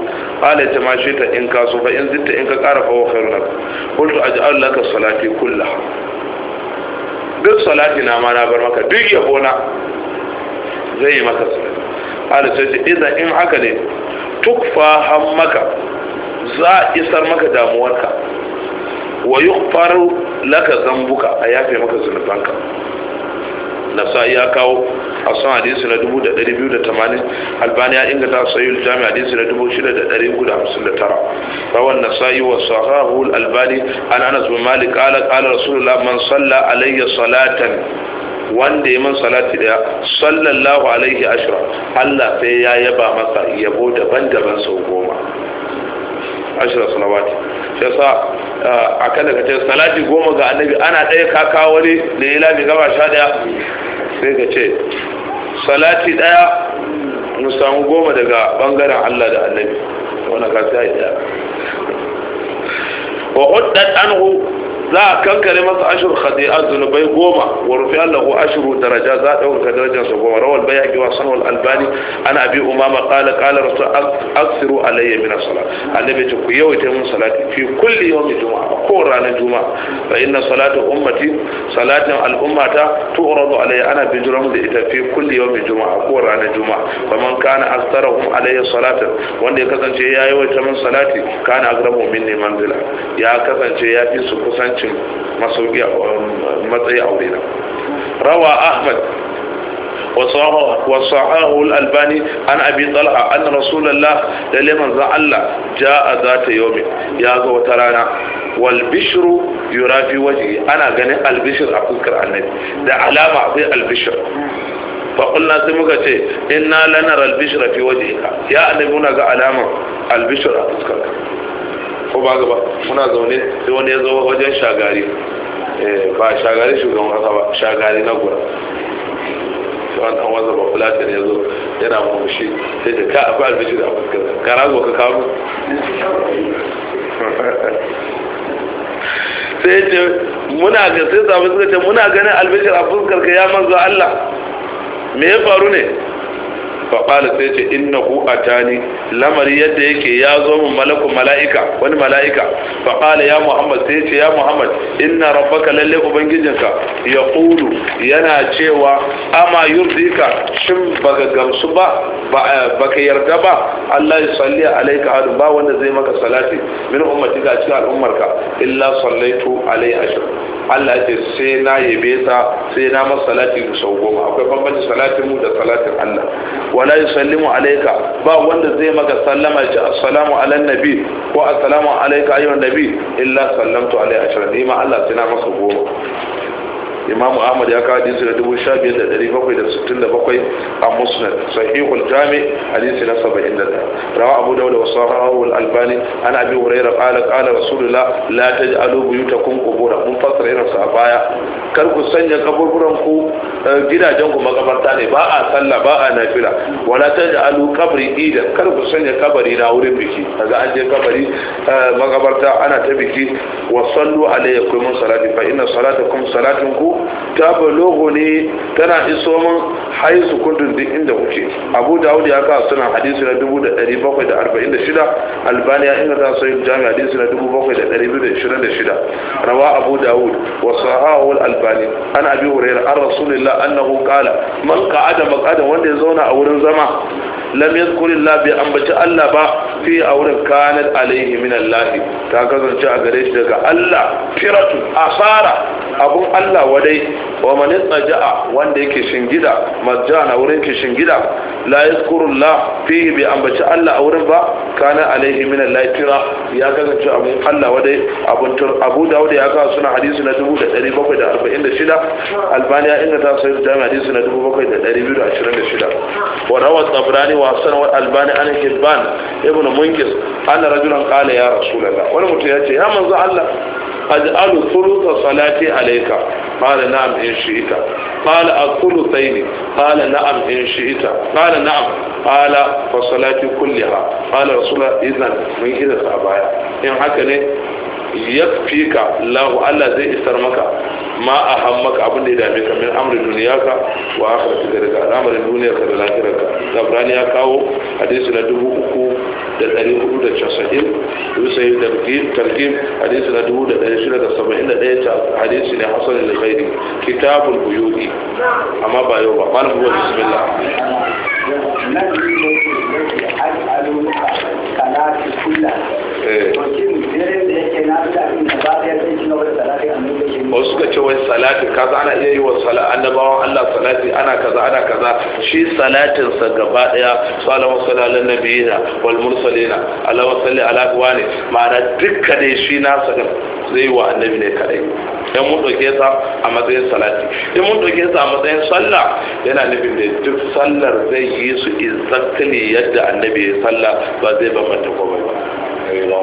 S1: qala ta mashi ta in ka so in zitta in ka ƙara fa wa khairu laka qultu aj'al laka salati kullaha duk salati na ma na bar maka duk yabona zai yi maka salati qala ta ne za a isar maka damuwarka wa yi faru laka zambuka a yafe maka zunubanka nasa'i ya kawo a san hadisi na 2280 albani ya inganta sayyul jami hadisi na 6359 rawan nasa'i wa sahahu albani an anas bin malik qala qala rasulullah man salla alayya salatan wanda ya man salati daya sallallahu alaihi ashra Allah sai ya yaba masa yabo daban-daban sau goma ashra salawati sai sa eh, akan daga ce salati goma ga annabi ana ɗaya ka kawo da ya lami gaba sha ɗaya sai ka ce salati ɗaya mu samu goma daga ɓangaren Allah da annabi wannan ka sai ɗaya wa huddat anhu za a kankare masa ashirin ashir a zunubai goma wa Allah ko ashirin daraja za a ɗaukaka darajar sa goma rawal bai haƙi sanwal albani Ana abi umama ƙala ƙala rasu aksiru alayya min sala annabi ce ku yawaita mun salati fi kulli yawmin juma'a ko ranar juma'a fa inna salatu ummati salatin al'ummata tu'radu alayya ana bijiran da ita fi kulli yawmin juma'a ko ranar juma'a faman kana astarahum alayya salatan wanda ya kasance ya yawaita mun salati kana agrabu minni manzila ya kasance ya fi su kusanci lokacin matsayi aure rawa ahmad wasu albani an abi tsala'a an rasulallah da liman za Allah ja a za ta yomi ya ga wata rana walbishiru yura fi waje ana ganin albishir a fuskar annabi da alama akwai albishir faƙulna sai muka ce ina lanar albishir fi waje ya annabi muna ga alama albishir a fuskar ko ba gaba muna zaune sai wani ya zo wajen shagari eh, ba shagari shugaban kasa ba shagari na gura sai wani an wanzar ba fulata ne ya zo yana mushi. sai da ka abu albishi da fuskar kara zo ka kawo sai ce muna ga sai sabu suka ce muna ganin albishir a fuskar ya manzo Allah me ya faru ne faƙala sai ce inna ku a tani lamari yadda yake ya zo min malaku mala'ika wani mala'ika faƙala ya muhammad sai ce ya muhammad inna rabbaka lalle ubangijinka ya ƙulu yana cewa ama yurdika shin baka gamsu ba eh, baka yarda ba allah ya salli alaika hadu ba wanda zai maka salati min ummati ga cikin al'ummarka illa sallaitu alai ashir allah ya ce sai na yabe ta sai na masa salati sau goma akwai bambanci salatin mu da salatin allah wala yusallimu alayka ba wanda zai maka sallama ya ce assalamu ala nabi ko assalamu alayka ayyuhan nabi illa sallamtu alayhi ni ma Allah tana masa goma imam ahmad ya kawo hadisi na bakwai a musnad sahihul jami hadisi na saba'in da 71 rawa abu dawud wa sahahu al-albani an abi hurairah qala qala rasulullah la taj'alu buyutakum qubura mun fasara irin sa baya kar ku sanya kaburburan ku eh, gidajen ku makabarta ne ba a sallah ba a nafila wala taj'alu qabri idan kar ku sanya kabari na wurin biki kaga an je kabari eh, makabarta ana ta biki wa sallu alayhi kuma salati fa inna salatakum salatunku ta balogo ne tana iso min haisu kundin duk inda kuke abu dawud ya kawo suna hadisi na 746 albani ya inganta sayin jami hadisi na 726 rawa abu dawud wa sahawul albani an abi hurairah an rasulillah annahu qala man qa'ada maq'ada wanda ya zauna a wurin zama lam yadhkurillah bi ambaci Allah ba fi a wurin kanat alaihi min Allah ta kasance a gare shi daga Allah firatu asara abun Allah wadai kafirai wa man ja'a wanda yake shingida majana wurin ke shingida la yazkurullah fihi bai ambaci Allah a wurin ba kana alaihi min al-laitira ya kasance abin Allah wadai abun tur Abu Dawud ya kawo suna hadisi na 1746 Albani ya inganta sai jami'a hadisi na 7226 wa rawat Tabrani wa Hasan wa Albani an Hibban ibn Munkis anna rajulan qala ya rasulullah wani mutum ya ce ya manzo Allah aj'alu thuluth salati alayka قال نعم إن شئت قال الثلثين قال نعم إن شئت قال نعم قال فصلاتي كلها قال رسول الله إذن من إذا سأبايا إن حكني يكفيك الله ألا زي إسر مكة ma a hammaka abin da ya dame ka min amri duniyaka wa akhirati daga al'amarin duniyarka da lafiyarka zabrani ya kawo hadisi na dubu uku da ɗari hudu da casa'in yusuf da targim hadisi na dubu da ɗari shida da saba'in da ɗaya ta hadisi ne hasan da khairi kitabul buyuti amma ba yau ba malam buwa bismillah Eh. wasu suka ce wai salati kaza ana iya yi wa annabawan Allah salati ana kaza ana kaza shi salatinsa gaba daya salamu salalin nabiyina wal mursalina ala wa salli ala wani ma'ana dukkan ne shi na din zai yi wa annabi ne kadai dan mun doke sa a matsayin salati dan mun doke sa a matsayin sallah yana nufin da duk sallar zai yi su exactly yadda annabi ya sallah ba zai bambanta komai ba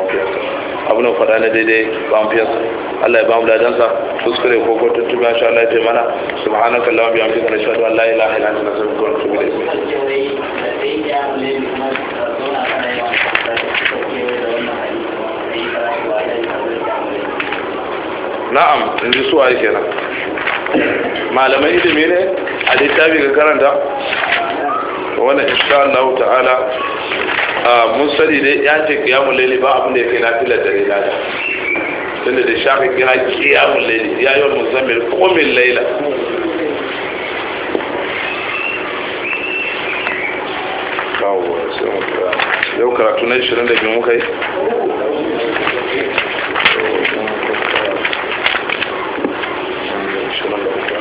S1: abu na faɗa na daidai ba mu fiyarsa Allah ya ba mu ladansa kuskure ko ko tuntun a sha Allah ya taimana subhanaka Allahumma bihamdika nashhadu an la ilaha illa anta nastaghfiruka wa natubu ilayk na'am ji su yake kenan malamai ilimi ne a littafi ga karanta wannan insha Allah ta'ala mun sani dai ya ce kiyamun laili ba abin da ya kai na filar da na da tunda da shafi kira kiyamun laili ya yi wa musamman komin laila yau karatu na 22 muka yi Thank you.